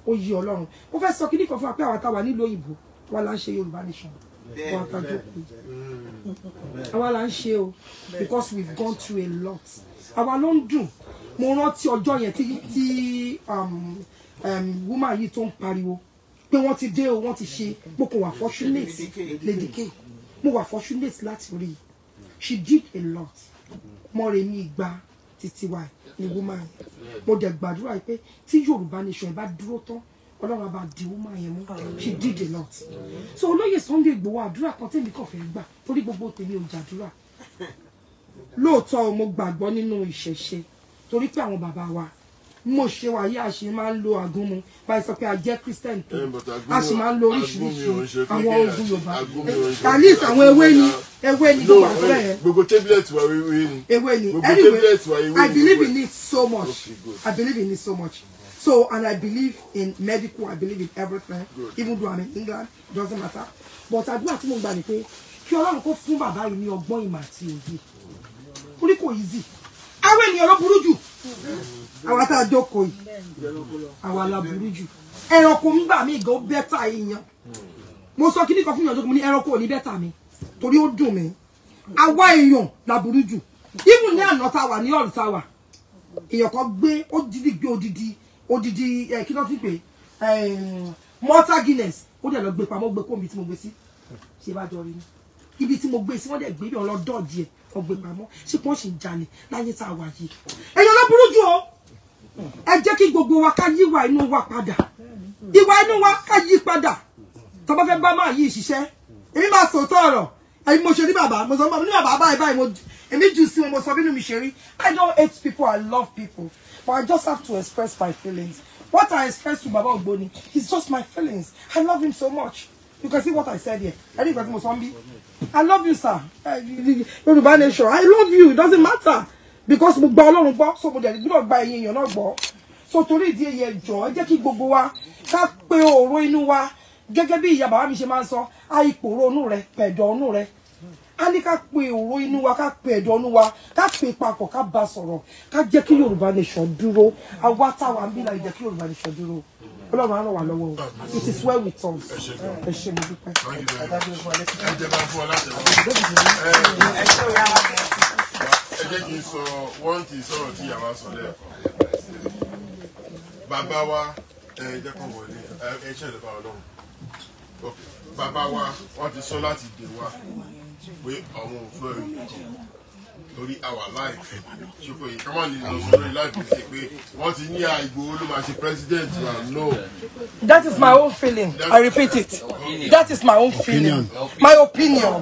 ó yí ọlọ́run ó fẹ́ sọ kíní kan fún wa pé àwọn àtàwà nílùú òyìnbó wa la ń ṣe yorùbá nation wa àtàjọpọ̀ àwa la ń ṣe o because we've gone through a lot àwa ló ń dùn mo rántí ọjọ́ yẹn tí tí um, um, woman yìí tó ń pariwo pé wọ́n ti dé o wọ́n ti ṣe mo kò wà fortunate lady k mo wà fortunate láti rí she did a lot mo rè mí gba títí wa ni woman yẹn mo dẹ̀ gbàdúrà yìí pé tí Yorùbá nation yẹn bá dúró tán ọlọ́run àbá di woman yẹn mú she did a lot so olóyè Sunday Igboho àdúrà kan tèmi kàn fẹ́ gbà torí gbogbo tèmi ò jàdúrà lóòótọ́ mo gbàgbọ́ nínú ìṣẹ̀ṣe torí pé àwọn bàbá wa mo ṣe wà yí a ṣe máa ń lo àgúnmu báyìí sọ pé a jẹ́ christian tó eh, a sì máa ń lo oríṣiríṣi àwọn oògùn yorùbá at àwọn ewé eh, ni ewé ni gbogbo àgbẹ̀ yẹn gbogbo tablet wa ewé ni ewé ni anyway i believe in it so much i believe in it so much so and i believe in medical i believe in everything Good. even though i'm in england doesn't matter but àdúrà tí mo gbà ni pé kí ọlọ́run kó fún bàbá yìí ní ọgbọ́n ìmọ̀ àti òye orí kò easy àwọn ènìyàn ló burú jù àwa tá a jókòó yìí àwa la burú jù ẹranko ń gbà mí gan bẹ́tà èèyàn mo sọ kí ní kan fún ìyànjú mo ní ẹranko ò ní bẹ́tà mi torí ó dùn mí àwa èèyàn la burú jù ibù ní àná tá a wà ní ọ̀rùn tá a wà èèyàn kan gbé odidi gbé odidi odidi eh, kí ló ti pè eh, mọ́tà Guinness ó dẹ̀ lọ gbé pamọ́ gbé kóńbi tí mo gbé sí ṣé bá jọ rí ni ibi tí mo gbé sí wọ́n dẹ̀ gbé bí wọ́n lọ dọ́ọ̀dì ẹ̀ ọgbẹ́ ṣé kí wọ́n sì ń jalè láyé tá a wà yìí èèyàn ló jù o ẹ jẹ́ kí gbogbo wa ká yíwà inú wa padà ìwà inú wa ká yí padà tó bá fẹ́ bá máa yí ìṣiṣẹ́ èmi máa sòótọ́ ọ̀rọ̀ èmi mo ṣe ní bàbá mo sọ ní bàbá báyìí báyìí mo èmi jù sí wọn mo sọ bínú mi ṣe rí I don't hate people I love people but I just have to express my feelings what I express to Baba Ogboni is just my feelings I love him so much. You can see what I said here. I think Mozambi. I love you, sir. Yoruba nation. I love you. It doesn't matter. Because mo gba Ọlọ́run gbọ́, so mo dẹ̀ gbọ́dọ̀ gba ẹ̀yin èèyàn náà gbọ́. So torí ìdí èyí ẹjọ́, ẹ jẹ́ kí gbogbo wa ká pe òòró inú wa gẹ́gẹ́ bí ìyá bàbá mi ṣe máa ń sọ, àìpòrò inú rẹ̀ pẹ̀dọ̀ inú rẹ̀ a ní ká pe òró inú wa ká pe ẹ̀dọ̀ inú wa ká pe papọ̀ ká bá sọ̀rọ̀ ká jẹ́ kí Yorùbá nation dúró àwa táwa ń bí láì jẹ́ kí nation dúró ọlọ́run àrọ̀ wà lọ́wọ́ wa it is well with us ẹ ṣe mo dúpẹ́. ẹ jẹ́ bá fún ọ láti wọ́n ẹ jẹ́ kí n sọ wọ́n ti sọ̀rọ̀ tí yàrá sọ lẹ́ẹ̀kan bàbá wa ẹ jẹ́ kàn wọlé ẹ ṣẹlẹ̀ bá ọlọ́run bàbá wa wọ́n ti sọ láti dè wa pé àwọn òfin ẹ̀yìn kan lórí our life ṣùkò yìí kọ́mọ̀ ní lọ sórí life ṣe pé wọ́n ti ní Ìgbòho ló president wa no. that is my own feeling i repeat it that is my own feeling my opinion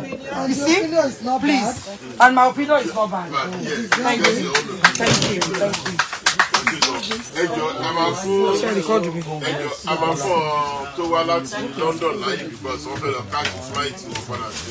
you see please and my opinion is not bad thank you thank you thank you. ẹjọ a fún ọ tó wá láti London láyé bíbọ sọfẹlẹ káàkiri fúláìtì wọn padà sí.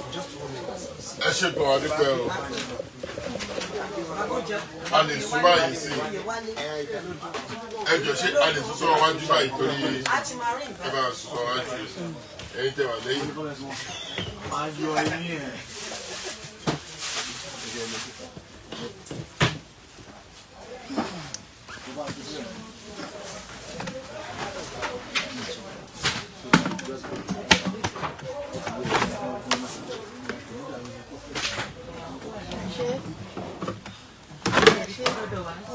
ẹ ṣe gan adúpẹ́ o a lè sún báyìí sí ẹ jọ ṣe a lè sún sọ́wọ́ wájú báyìí torí ẹ bá sún sọ́wọ́ wájú ẹ̀yin tẹ̀wà lẹ́yìn. Thank you.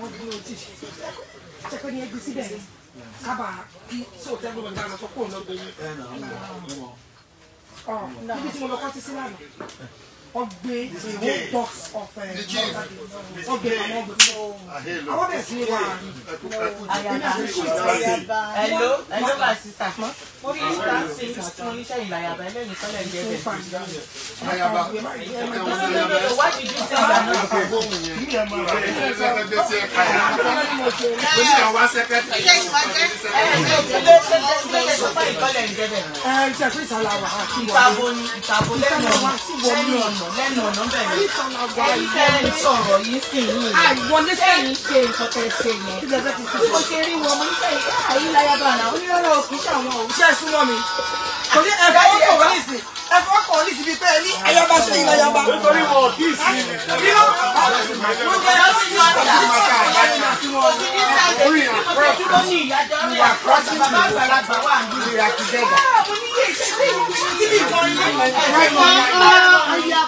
wọ́n dín ní ojú ṣẹ́kọ́ ní ẹgbẹ́ síbẹ̀ sábà kí sóòtẹ́ gbọ́dọ̀ dáná sọ ọgbẹ a box of ọgbẹ àwọn ọgbẹ àwọn bẹ̀rẹ̀ sí ní wà àyàbá hello hello my sister mo rí ìta ṣe fún iṣẹ́ ìlàyàbá ẹlẹ́yìn kọ́lẹ̀ ń jẹ́bẹ̀. àyàbá why did you say that now. mi ẹ̀ mọ̀ ẹ̀ ẹ̀ ẹ̀ ẹ̀ ẹ̀ ìtàbó ni ìtàbó lẹ́nu ọ̀nà ṣẹ́yìn ọ̀nà lẹ́nu ọ̀nà bẹ̀rẹ̀ ẹ̀yìn ń sọ̀rọ̀ yìí sí yìí. àwọn oníṣẹ́ yìí ṣe nǹkan tẹ̀ ṣe yẹn. bí mo ṣe rí wọn mo ní fẹ́ àyí láyàbá náà onírọ́rọ́ òkú ṣàwọn òun. iṣẹ́ ìsúnmọ́ mi kò ní ẹ̀fọ́ kò wọ́n ní ìsìn ẹ̀fọ́ kò wọ́n ní ìsìn bíi pé ẹni ayaba sí ìlà yaba. nítorí wọn ò kí ì sí ilẹ̀. bí ó mo jẹ lọ́sí ní ọjà òsì ní sáyẹn tí mo ṣe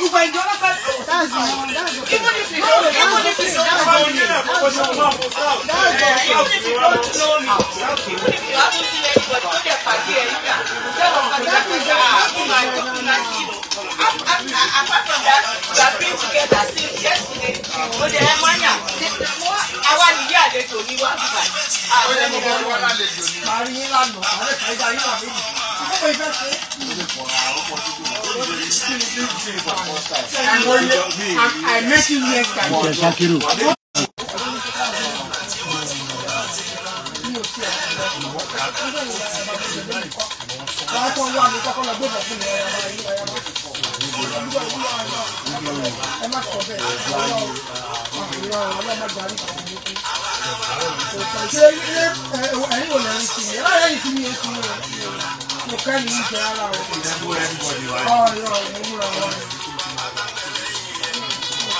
you were in the other side. That's fine. Even if you don't, even if you don't know me, even if you don't know me, even if you haven't seen anybody, don't get party either. Tell them that that is that you might talk to that you know. Apart from that, we have been together since yesterday. Mo de ẹ mọ́ yà. Àwa nìyí àlejò ni wá bí báyìí. Àwọn ẹni mo wọ́n wọ́n àlejò ni. Màá rí yín lánàá, àwọn ẹ̀ka ìgbà yín wà méjì. Ó mọ ìfẹ́ ṣe. Ó lè pọ̀ àwọn ọkọ̀ tuntun. Ó lè ṣe é. I make you next time.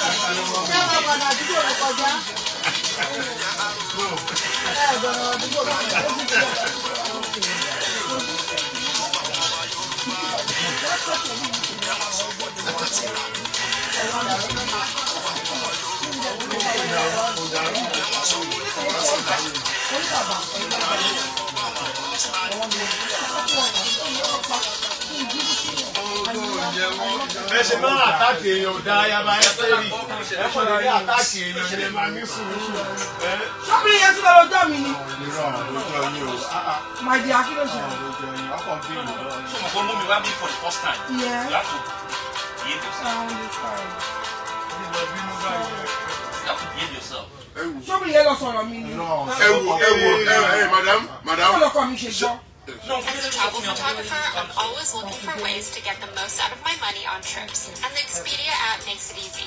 ṣé Thank you. ẹ ṣe máa àtàkì èèyàn ọ̀dà ayaba ẹsẹ̀rì ẹ kọ́ lórí àtàkì èèyàn ni máa ní sùúrù. ṣọ́bìrì yẹn tún lọ́wọ́ ọjọ́ mi ni. ìrọ̀ àlọ́jọ́ yìí o. Ah, ah. màdì mo kọ́ mú wá bí for the first time. yẹ ẹ ṣọ́bìrì yẹn lọ sọ̀rọ̀ mi ni. ẹ wò ẹ wò ẹ madam kí ló kọ́ mi ṣe gbọ́. As a travel photographer, I'm always looking for ways to get the most out of my money on trips, and the Expedia app makes it easy.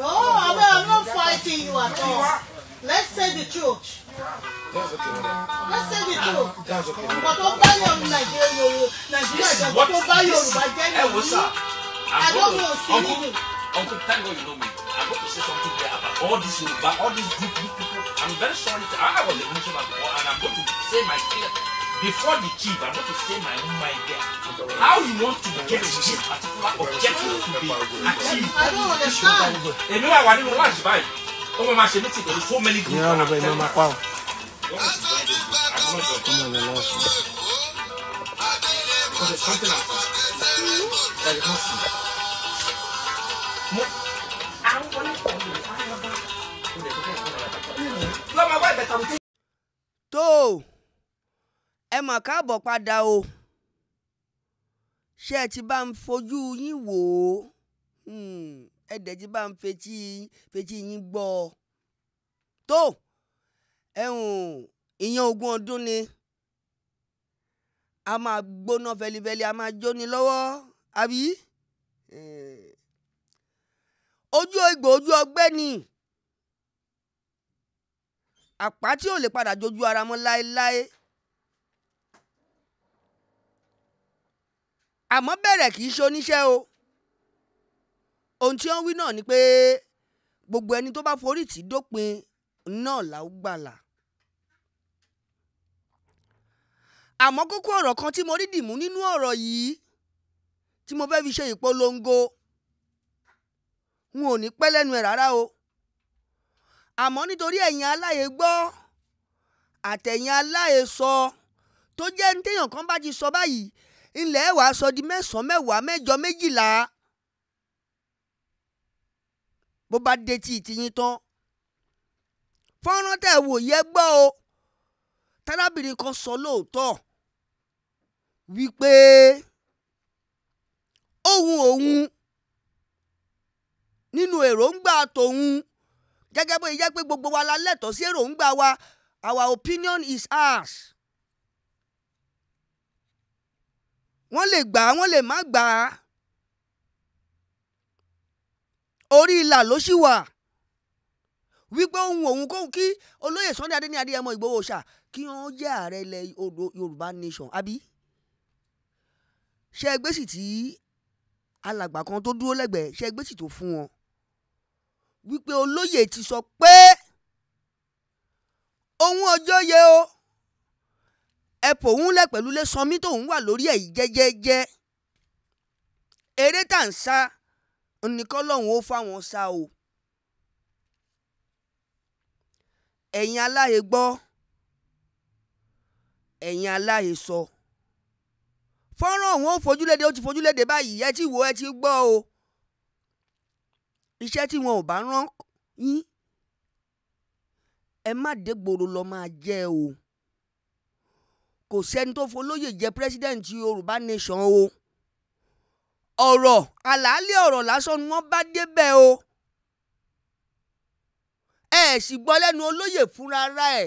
No, I mean, I'm not fighting you at all. Let's say the truth. That's okay Let's say the truth. But don't buy your Nigeria, Nigeria, don't buy your Nigeria. Hey, what's up? I am don't know, Uncle, Uncle, thank God you know me. I'm going to say something there about all these Yoruba, all these group, group people. I'm very sorry. I have a Yoruba before, and I'm going to say my clear before the chief, I want to say my own mind there. How you want to get this particular objective to be achieved? I don't understand. You know wà wà nínú láti báyìí. Ó máa ṣe meeting pẹ̀lú so many groups. I ọ̀bẹ ìmọ̀ máa pa ọ́. There's something out there that you don't see. Lọ́mọ wá ìbẹ̀tà mi tí mà káàbọ̀ padà o ṣé ẹ ti bá ń fojú yín wò ó hmm, ẹ dẹ̀ ti bá ń fetí fetí yín gbọ́ ọ tó ẹ̀hún ìyẹn ogún ọdún ni a máa gbóná fẹlifẹli a máa jóni lọ́wọ́ àbí eh. ojú egbò ojú ọgbẹ́ ni àpá tí ò lè padà jojú ara mọ́ láéláé. àmọ́ bẹ̀rẹ̀ kì í ṣe oníṣẹ́ o ohun tí wọ́n wí náà ni pé gbogbo ẹni tó bá forí tì í dópin náà là ó gbàlà. àmọ́ kókó ọ̀rọ̀ kan tí mo rí dìmú nínú ọ̀rọ̀ yìí tí mo fẹ́ fi ṣe ìpolongo n ò ní pẹ́ lẹ́nu ẹ̀ rárá o àmọ́ nítorí ẹ̀yin aláyè gbọ́ àtẹ̀yin aláyè sọ tó jẹ́ ní téèyàn kan bá ti sọ báyìí ilẹ̀ ẹ̀ wàá sọ di mẹ́sàn-án mẹ́wàá mẹ́jọ méjìlá bó bá dé tí ì ti yín tán fọ́nrán tẹ̀ wò yẹ gbọ́ o tárábìnrin kan sọ lóòótọ́ wípé ohun òun nínú èròǹgbà tòun gẹ́gẹ́ bó ṣe jẹ́ pé gbogbo wa la lẹ́tọ̀ọ́ sí èròǹgbà wa our opinion is ours wọ́n lè gbà á wọ́n lè má gbà á orí ìlà ló ṣì wà wípé ohun òun kò kí olóyè Sunday adé ní Adéyẹmọ Ìgbòho ṣá kí wọ́n jẹ́ ààrẹ ilẹ̀ Yorùbá nation àbí ṣe ẹgbẹ́ sì tí alàgbà kan tó dúró lẹ́gbẹ̀ẹ́ ṣe ẹgbẹ́ sì tó fún wọn wípé olóyè ti sọ pé ohun ọjọ́ yẹ o ẹ pò ń lẹ̀ pẹ̀lú lé sanmi tó ń wà lórí ẹ̀ yìí jẹ́jẹ́jẹ́ eré tá ń sá nìkan lọ́hùn ó fáwọn sá o ẹ̀yin aláhe gbọ́ ẹ̀yin aláhe sọ fọ́nrán òun ó fojúlédè ó ti fojúlédè báyìí ẹ ti wò ẹ ti gbọ́ o iṣẹ́ tí wọn ò bá rán yín ẹ má dégboro lọ máa jẹ́ o kò sẹ́ni tó folóyè jẹ́ president yorùbá nation o ọ̀rọ̀ àlàálẹ̀ ọ̀rọ̀ lásán ni wọ́n bá débẹ̀ o ẹ sì gbọ́ lẹ́nu olóyè fúnra ẹ̀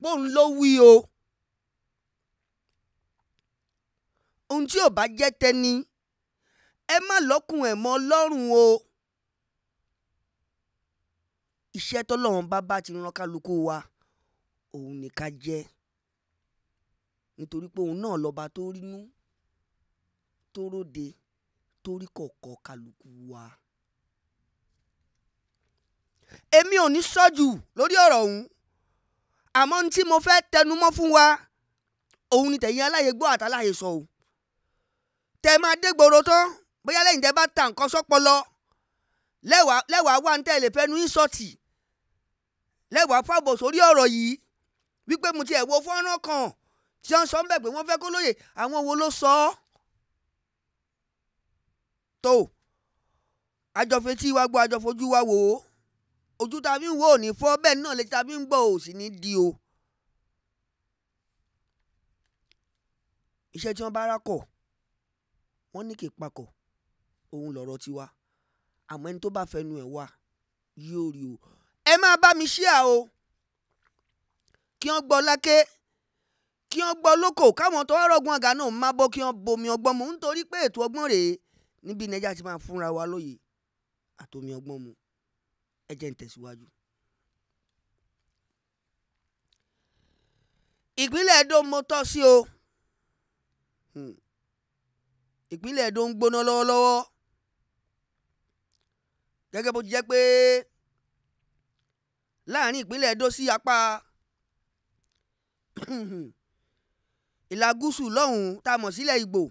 pòun ló wí o ohun tí ò bá jẹ́ tẹni ẹ má lọ́kùn ẹ̀ mọ́ ọlọ́run o iṣẹ́ tọ́lọ́run bá bá ti rán kálukú wa òun ni ká jẹ́ nítorí pé òun náà lọ́ba tó rínú tó róde tó rí kọ̀ọ̀kọ̀ kálukú wa. èmi ò ní sọ́jù lórí ọ̀rọ̀ ọ̀hún àmọ́ ní tí mo fẹ́ tẹnumọ́ fún wa òun ni tẹ̀yìn aláyè gbọ́ àtàláyè sọ o tẹ máa dé gbòòrò tán bóyá lẹ́yìn tẹ bá ta nǹkan sọ́pọlọ lẹ́wàá lẹ́wàá wà ń tẹ̀ lè fẹ́nu ìsọ̀tì lẹ́wàá fàbọ̀ sórí ọ̀rọ̀ yìí wípé mo ti ẹ̀ wo fọ́nrán kan tí wọ́n sọ ń bẹ̀ pé wọ́n fẹ́ kó lóye àwọn wo ló sọ ọ́ tó àjọfetí wa gbọ́ àjọfojú wa wò ó ojú ta fi ń wò ó ní fọ́ bẹ́ẹ̀ náà lè ta fi ń gbọ́ ò sì ní di o. iṣẹ́ tí wọ́n bá rákọ̀ wọ́n ní kì í pakọ̀ òun lọ̀rọ̀ tiwa àmọ́ ẹni tó bá fẹnu ẹ̀ wá yóò rí o ẹ máa bá mi ṣíà o kí wọ́n gbọ́ lákè. Like kí wọ́n gbọ́ lóko káwọn tó wá rọ̀gbọ́n àga náà má bọ́ kí wọ́n bomi ọgbọ́n mu nítorí pé ètò ọgbọ́n rèé níbi nàìjíríà ti máa fúnra wa lóye àtomi ọgbọ́n mu ẹ jẹ́ ń tẹ̀síwájú. ìpínlẹ̀ Edo mo tọ́ sí o hmm. ìpínlẹ̀ Edo ń gbóná lọ́wọ́lọ́wọ́ gẹ́gẹ́ bó ti jẹ́ pé láàrin ìpínlẹ̀ Edo sí apá hmm, ìlà gúúsù lọ́hùn-ún tá a mọ̀ sílẹ̀ Ìgbò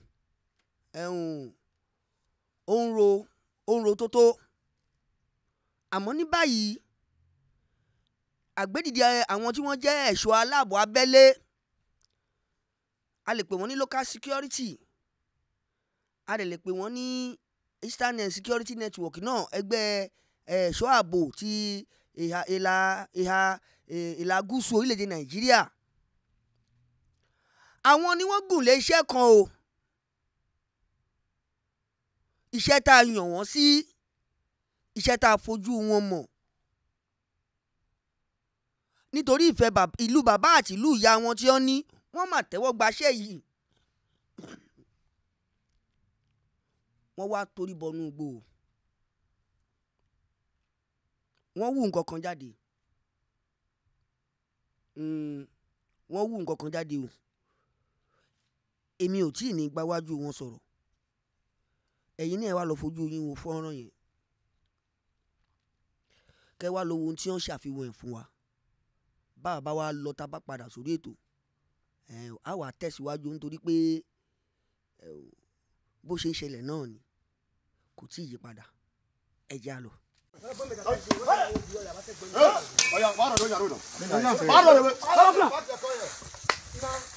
òun ro òun ro tótó àmọ́ ní báyìí àgbédìde eh, àwọn tí wọ́n jẹ́ ẹ̀ṣọ́ aláàbò abẹ́lé a lè pè wọ́n ní local security a lè lè pè wọ́n ní Eastern Security Network náà ẹgbẹ́ eh, ẹ̀ṣọ́ ààbò ti ìhà ìlà ìhà eh, ìlà gúúsù orílẹ̀-èdè Nàìjíríà àwọn ni wọ́n gùn lé iṣẹ́ kan o iṣẹ́ tá a yàn wọ́n sí iṣẹ́ tá a fojú wọn mọ̀ nítorí ìfẹ́ ìlú bàbá àti ìlú ìyá wọn tí wọ́n ní wọ́n mà tẹ́wọ́ gbaṣẹ́ yìí wọ́n wá torí bọnú igbó wọ́n wú nǹkan kan jáde hmm, wọ́n wú nǹkan kan jáde o. Mm èmi ò tí ì ní gbáwájú wọn sọ̀rọ̀ ẹ̀yin náà wà lọ fojú yín wo fọ́nrán yẹn kẹ́ wá lówó tí wọ́n ṣàfihàn ẹ̀ fún wa bá a bá wa lọ tá a bá padà sórí ètò a wà tẹ̀síwájú nítorí pé bó ṣe ń ṣẹlẹ̀ náà ni kò tí ì yí padà ẹ jẹ́ a ọ̀yà wàá rọ̀ lóyún àrò náà.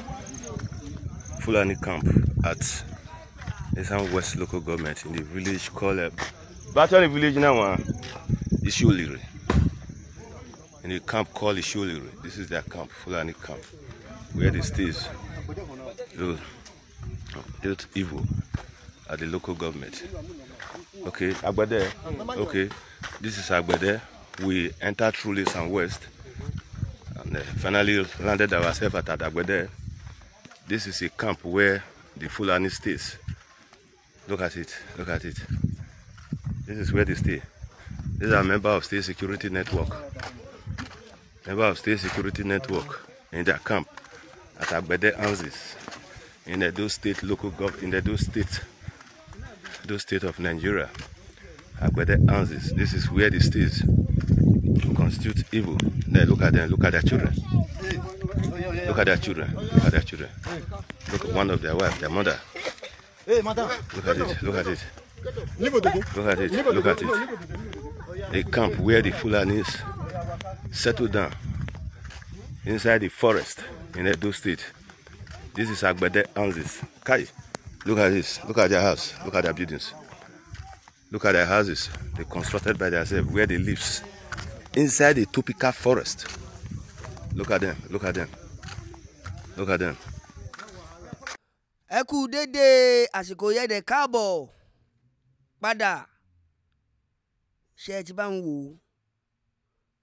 Fulani camp at some West local government in the village called uh, Battery village now uh, Ishiolire. In the camp called Ishiolire. This is their camp, Fulani camp, where they stay. Those youth evil at the local government. Okay, Agbede. Okay, this is Agbede. We entered through Esan West and uh, finally landed ourselves at Agbede. This is a camp where the Fulani stays. Look at it, look at it. This is where they stay. These are members of State Security Network. Member of State Security Network in their camp at Agbede Houses in the Do State local government, in the Do State, Do State of Nigeria. Agbede Houses. This is where they stays to constitute evil. Now look at them, look at their children. Look at their children. Look at their children. Look at one of their wife, their mother. Hey, mother. Look at it. Look at it. Look at it. Look at it. A camp where the Fulanis settled down inside the forest in Edo State. This is Agbede houses. Kai, look at this. Look at their house. Look at their buildings. Look at their houses. They constructed by themselves where they live inside the tropical forest. Look at them. Look at them. Look at them. ẹ kú dédé àsìkò yẹn dẹ̀ káàbọ̀ padà ṣé ẹ ti bá ń wò ó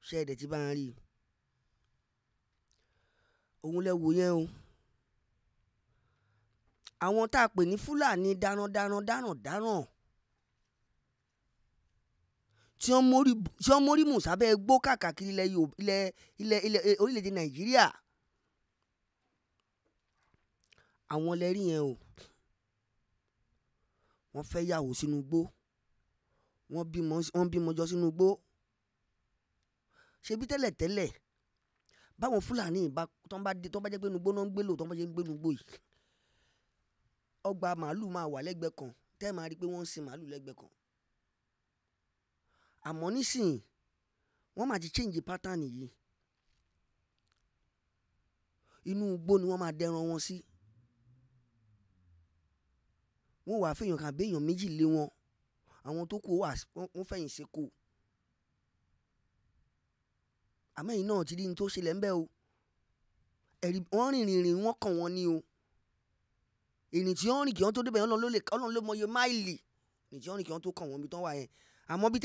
ṣé ẹ dẹ̀ ti bá ń rí i òun lẹ wò yẹn o àwọn tá a pè ní fúlàní darandaran darandaran tí wọ́n mórí mùsàbẹ́ gbó kàkàkiri ilẹ̀ ilẹ̀ nàìjíríà àwọn lẹ́rí yẹn o wọ́n fẹ́ yàwó sínú igbó wọ́n bímọ wọ́n bímọ jọ sínú igbó ṣebí tẹ́lẹ̀tẹ́lẹ̀ báwọn fúlàní bá tán bá dé tán bá jẹ́ pé nugbó náà ń gbé lò tán bá jẹ́ ń gbé nugbó yìí ọgbà màálù máa wà lẹ́gbẹ̀ẹ́ kan tẹ́ máa rí i pé wọ́n ń sin màálù lẹ́gbẹ̀ẹ́ kan àmọ́ nísìnyí wọ́n máa ti change pattern yìí inú igbó ni wọ́n máa dẹran wọn sí. Si wọ́n wàá fẹ̀yàn kan àbẹ́yàn méjì lé wọn àwọn tó kù wọ́n fẹ̀yìn ṣeko àmọ́ ẹ̀yìn náà ti rí ní tó ṣẹlẹ̀ ńbẹ́ o ẹ̀rí wọ́n rìn rìn rìn wọ́n kàn wọ́n ni o ìrìn tí wọ́n rìn kí wọ́n tó débẹ̀ ọlọ́run ló lè ọlọ́run ló mọye máìlì ìrìn tí wọ́n rìn kí wọ́n tó kàn wọ́n ibi tán wà yẹn àmọ́ bí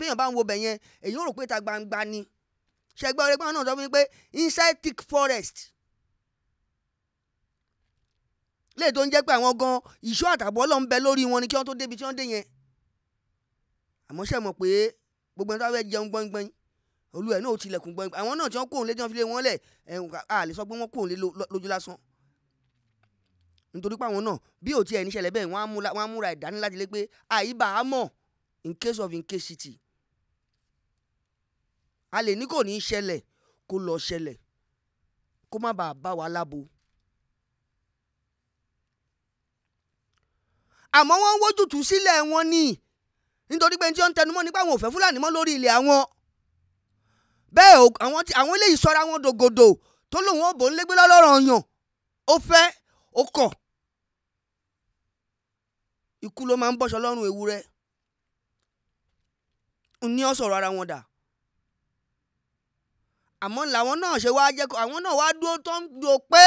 bẹ́yàn bá ń wo bẹ̀ yẹn èyí ò rò pé ta gbangba ni ṣẹgbẹ́ ọ̀rẹ́gbẹ́ náà sọ fún mi pé inside forest lè tó ń jẹ́ pé àwọn gan ìṣó àtàbọ̀ lọ́n bẹ lórí wọn ni kí wọ́n tó débi tí wọ́n dé yẹn àmọ́ ṣe mọ̀ pé gbogbo ẹni tó fẹ́ jẹun gbọ́ngbọ́n olú ẹ̀ náà ò tilẹ̀kùn gbọ́ngbọ́n àwọn náà tí wọ́n kóhùn lé tí wọ́n fi lé wọn lẹ̀ a lè sọ pé wọ́n kóhùn lé lójú lásán nítorí pé àwọn náà bí ò tiẹ̀ níṣẹ̀lẹ̀ bẹ́ẹ̀ wọ́n á múra ìdání láti lé pé àyíbá a mọ̀ in case of in case city a lè ní kò ní í ṣẹlẹ̀ kó lọ ṣẹlẹ̀ kó má bàa bá wa lábo. àmọ́ wọ́n ń wójútùú sílẹ̀ wọn ni nítorí pé ní tí wọ́n ń tẹnumọ́ nípa àwọn òfẹ́ fúlàní mọ́ lórí ilẹ̀ àwọn bẹ́ẹ̀ àwọn tí àwọn eléyìí sọra wọn dògòdò tó lòun ò bò ń légbé lọ́lọ́rọ̀ ọ̀yàn ó fẹ́ ó kọ̀ ikú ló máa ń bọ́ṣọ lọ́rùn ewúrẹ́ ní ó sọ̀rọ̀ ara wọn dà àmọ́ làwọn náà ṣe wá jẹ́ àwọn náà wá dúró tó ń dúró pé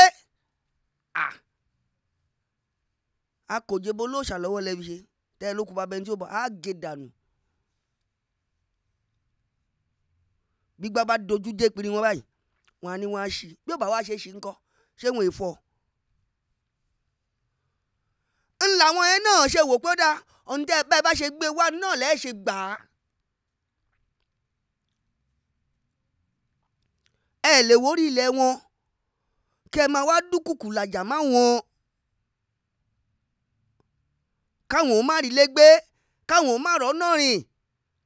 ah a kò jebo lóòṣà lọ́wọ́ lẹ́bi ṣe tẹ́ ẹ lókun bàbá ẹni tí ó bọ̀ á gé dànù. gbígbá bá dojú dé pinni wọn báyìí wọn á ní wọn á ṣí bí ó bá wá ṣe ṣí ńkọ́ ṣé wọn èèfọ. ń làwọn yẹn náà ṣe wò pé ó dáa ohun tẹ́ bá ẹ bá ṣe gbé wá náà lẹ́ẹ̀ ṣe gbà á. ẹ lè wórí ilẹ̀ wọn kẹ́ ẹ máa wá dúkùkù làjà máwọn káwọn ó má rí légbé káwọn ó má rọ́nà rìn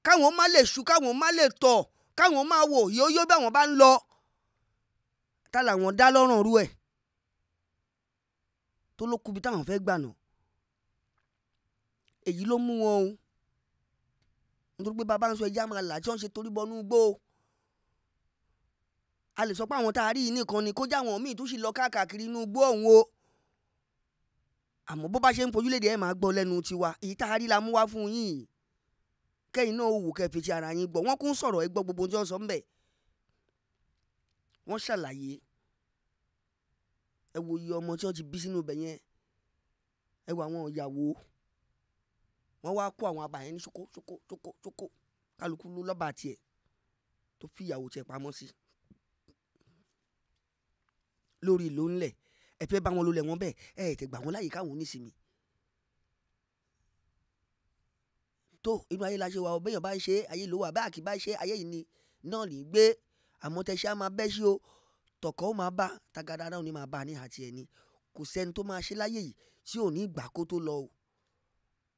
káwọn ó má lè ṣu káwọn ó má lè tọ̀ káwọn ó má wò yóyó bí àwọn bá ń lọ tá làwọn dá lọ́rùn rú ẹ̀ tó ló kubi táwọn fẹ́ gbà nà èyí ló mú wọn o nítorí pé bàbá ń sọ ẹja máa là tí wọ́n ṣe torí bọnú gbó o a lè sọ pé àwọn tá a rí yìí nìkan ni kó jáwọn míì tó sì lọ káàkiri inú igbó ọ̀hún o àmọ́ bó bá ṣe ń pojú léde ẹ̀ máa gbọ́ lẹ́nu tiwa èyí tá a rí la mú wá fún yín kẹ́yìn náà wù kẹ́ fi ti ara yín gbọ́ wọ́n kún sọ̀rọ̀ ẹ gbọ́ gbogbo tí wọ́n sọ ń bẹ̀ wọ́n ṣàlàyé ẹ wo iye ọmọ tí wọ́n ti bí sínú ibẹ̀ yẹn ẹ wo àwọn ìyàwó wọ́n wá kó àwọn abàyẹn ní ṣoko ṣoko ṣoko ṣoko kálukú ló lọ́ba tiẹ̀ tó fi ìyàwó tiẹ̀ pamọ́ sí lórí ìlú ńlẹ̀ ẹ fẹ́ bá wọn lólẹ̀ wọn bẹ́ẹ̀ ẹ ẹ̀ tẹ̀ gbà wọn láyè káwọn oníṣìmí. tó inú ayé la ṣe wà ọ bẹ́yàn bá ń ṣe ayé ló wà bá àkì bá ṣe ayé yìí ni náà lè gbé àmọ́ máa bẹ́ sí o tọ̀kọ́ ó máa bá tagada náà ni máa bá ní àti ẹni kò sẹ́ni tó máa ṣe láyé yìí tí ò ní ìgbà kó tó lọ o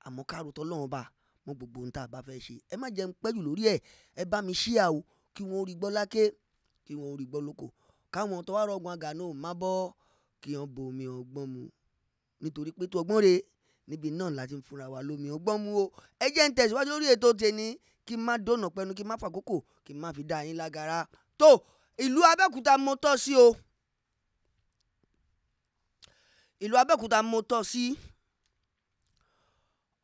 àmọ́ káàrò tọ́lọ́run bá mọ gbogbo ohun tá a bá fẹ́ ṣe ẹ má jẹun pẹ́jù lórí ẹ̀ ẹ bá mi ṣí à kí wọ́n rí gbọ́ láké kí wọ́n rí gbọ́ lóko káwọn tó wá rọgùn àgànà má bọ́ kí wọ́n bo omi ọgbọ́n mu nítorí pé tó ọgbọ́n rè níbi náà láti fúnra wa lómi ọgbọ́n mu o ẹ jẹ́ ń tẹ̀síwájú lórí ètò tèmi kí n má dónà pẹ́nu kí n má fàkókò kí n má fi dá yín lágara tó ìlú Abẹ́òkúta mo tọ́ sí o ìlú Abẹ́òkúta mo tọ́ sí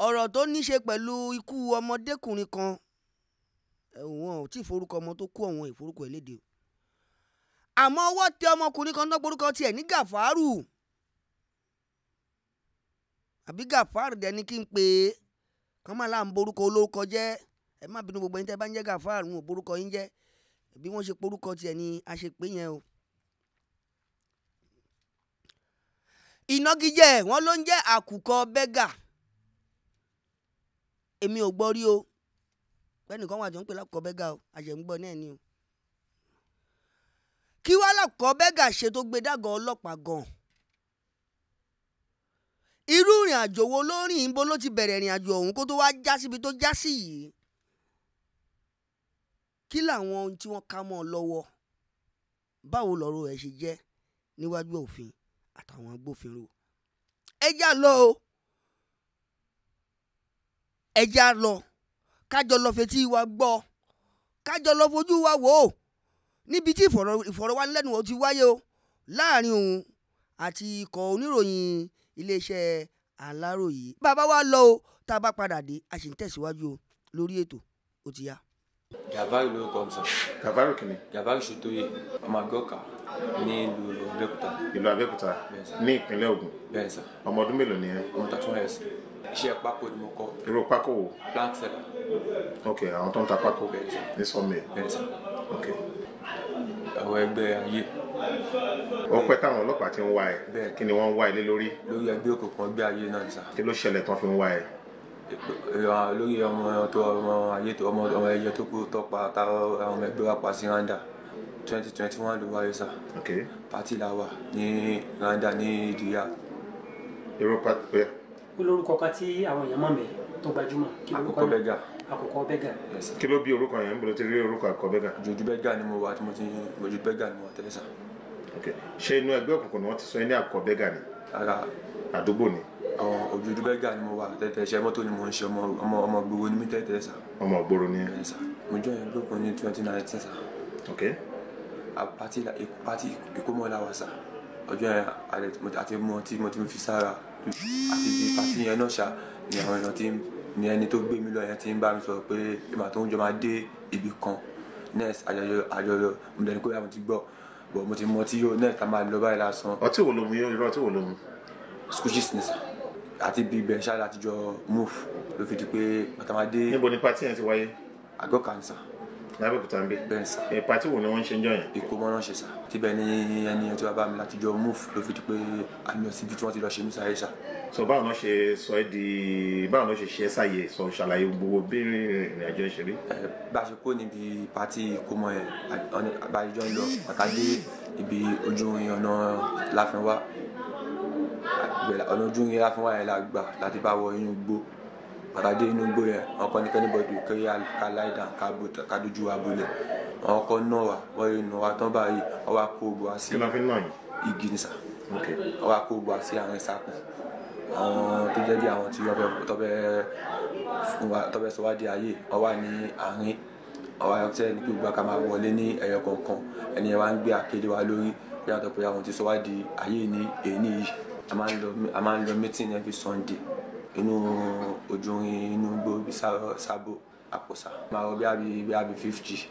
ọ̀rọ̀ tó ní ṣe pẹ̀lú ikú ọmọdékùnrin kan ẹ̀wọ̀n ò tí ì forúkọ ọmọ tó kú ọ̀hún ìforúkọ ẹ̀ léde o àmọ́ ọwọ́ tẹ ọmọkùnrin kan lọ́gbọ́rúkọ tiẹ̀ ní gàfárù àbí gàfárù dẹ ni kí n pè é kàn máa láà ń borúkọ olórúkọ jẹ́ ẹ má bínú gbogbo yín tẹ́ bá ń jẹ́ gàfárù ń borúkọ yín jẹ́ bí wọ́n ṣe porúkọ tiẹ̀ ni a ṣe pé yẹn o. ìnagijẹ wọn ló ń jẹ́ àkùkọ bẹ́gà èmi ò gbọ́ rí o bẹ́ẹ̀ nìkan wà jọ ń pè lákùkọ bẹ́gà o àṣẹ ń gbọ́ náà ni o kí wàá làkọ́ bẹ́gà ṣe tó gbé dàgọ́ ọlọ́pàá gan-an irú ìrìn àjò wo ló rìn ibo ló ti bẹ̀rẹ̀ ìrìn àjò ọ̀hún kó tó wá já síbi tó já sí yìí kí làwọn ohun tí wọ́n ká mọ́ ọ lọ́wọ́ báwo lọ́rọ̀ ẹ̀ ṣe jẹ́ níwájú òfin àtàwọn agbófinró ẹ já lọ o ẹ já lọ kájọ lọ fetí wa gbọ́ kájọ lọ fojú wa wò ó níbi tí ìfọ̀rọ̀wánilẹ́nuwò ti wáyé o láàrin òun àti ikọ̀ oníròyìn iléeṣẹ́ Aláròyé bàbá wa lọ o tá a bá padà dé a sì ń tẹ̀síwájú o lórí ètò ó ti yá. Gavari lórúkọ mi sọ. Gavari kìíní. Gavari Sotoye ọmọ àgọ́kà ní ìlú Abẹ́òkúta. ìlú Abẹ́òkúta ní ìpínlẹ̀ Ògùn. bẹ́ẹ̀ sà. ọmọ ọdún mélòó ni ẹ. ọmọ tàtún ẹ̀ sí. iṣẹ́ pákó ni mo kọ́. irú pákó wo. plank seller. ok àwọn tó ń ta pákó. bẹ́ẹ̀ sà. ní sọ́ọ̀mù bẹ́ẹ̀ sà. ok àwọn ẹgbẹ́ ayé. ó pẹ́ táwọn ọlọ́pàá ti ń wá ẹ kí ni wọ́n ń wá ẹ lé lórí. lórí ẹgbẹ́ òkùnkùn ẹgbẹ́ ayé náà sà. kí ló ṣẹlẹ̀ tán fi ń wá ẹ. lórí ọmọ tó ọmọ ayé tó ọmọ ọmọ ẹyẹ tó kú tọpa táwọn ọmọ ẹgbẹ́ wa pa sí randa twenty twenty one ló wáyé sà. pati la wà ní randa ní ìdíyà. irú pati. kí lórúkọ kan tí àwọn èèyàn mọ̀ mẹ́ tó gbajúmọ̀ kí lórúkọ náà. àkókò bẹ́gà àkọ́kọ́ bẹ́gà. kí ló bí orúkọ yẹn níbo ti rí orúkọ àkọ́kọ́ bẹ́gà. jòjú bẹ́gà ni mo wà tí mo ti jòjú bẹ́gà ni mo wà tẹ́lẹ̀ sà. ok ṣé inú ẹgbẹ́ òkùnkùn ni wọ́n ti sọ ẹ́ ní àkọ́kọ́ bẹ́gà ni. ara àdúgbò ni. àwọn òjòjú bẹ́gà ni mo wà tẹ́tẹ́ ṣe mọ́tò ni mo ń ṣe ọmọ gbogbo ni mí tẹ́tẹ́ sà. ọmọ gbòòrò ni. mo jọ yẹn gbòòrò ní twenty nineteen sà. ok. àpàtì ìkómọ́lá wa sà ọjọ́ yẹn àti mo ti fi sára àti bí pàtì yẹn náà ṣá ni àwọn èèyàn ti ní ẹni tó gbé mi lọ yẹn ti ń bá mi sọ pé ìgbà tó ń jọ máa dé ibì kan next àjọyọ̀ àjọyọ̀ mo dẹni pé àwọn ti gbọ́ bọ̀ mo ti mọ tí yóò next a máa lọ báyìí lásán. ọtí wo ló mu yóò irọ́ ọtí wo ló mu. skushis ni sà àti bíi bẹ́ẹ̀ ṣáà láti jọ move ló fi di pé bàtà máa dé. níbo ni pati yẹn ti wáyé. àgọ́ kan sà lábẹ́òkúta ń bẹ. bẹ́ẹ̀ sà. ẹ pati wo ni wọ́n ń ṣe ń jọ yẹn. èkó mọ́ ránṣẹ́ sà. tíbẹ̀ ni ẹni tí wàá bá mi láti move ló fi di pé àmì ọ̀sìn ibi tí wọ́n ti lọ ṣe mí sáyé sà. sọ báwo náà ṣe sọ ẹ di báwo náà ṣe ṣe sáyé sọ ṣàlàyé gbogbo bí ìrìn àjò ṣe ẹ bá a ṣe kó níbi pati ìkómọ yẹn àbájọ ń lọ àtàdé ibi ojú ọ̀nà láfẹ́wá ọ̀nà ojú ọ̀nà láfẹ́wá yẹn la pàdádé inú gbó yẹn wọn kọ́ ní kẹ́nìbọ̀dì kí ká láì dàn ká dojú wa bolẹ̀ wọn kọ́ náà wà wọ́n yìí nù wá tán báyìí wọ́n wá kó gbọ́ sí igi nìsa wọ́n wá kó gbọ́ sí àwọn ìsapò àwọn tó jẹ́ bí àwọn tí wọ́n fẹ́ tọ́fẹ́ sọ wá di ayé wọ́n wà ní àárín ọwọ́ ayọ́tẹ́ ní gbogbo àká máa wọlé ní ẹ̀yọ kọ̀ọ̀kan ẹni ẹ wá ń gbé àkéde wa lórí bí àtọ̀pẹ́ àwọn ti sọ wá di ayé ní èyí nìyí a máa ń lọ meeting every Sunday inú ojú rin inú gbó ibi sábò àpòsà máa bí a bí bí a bí fifty.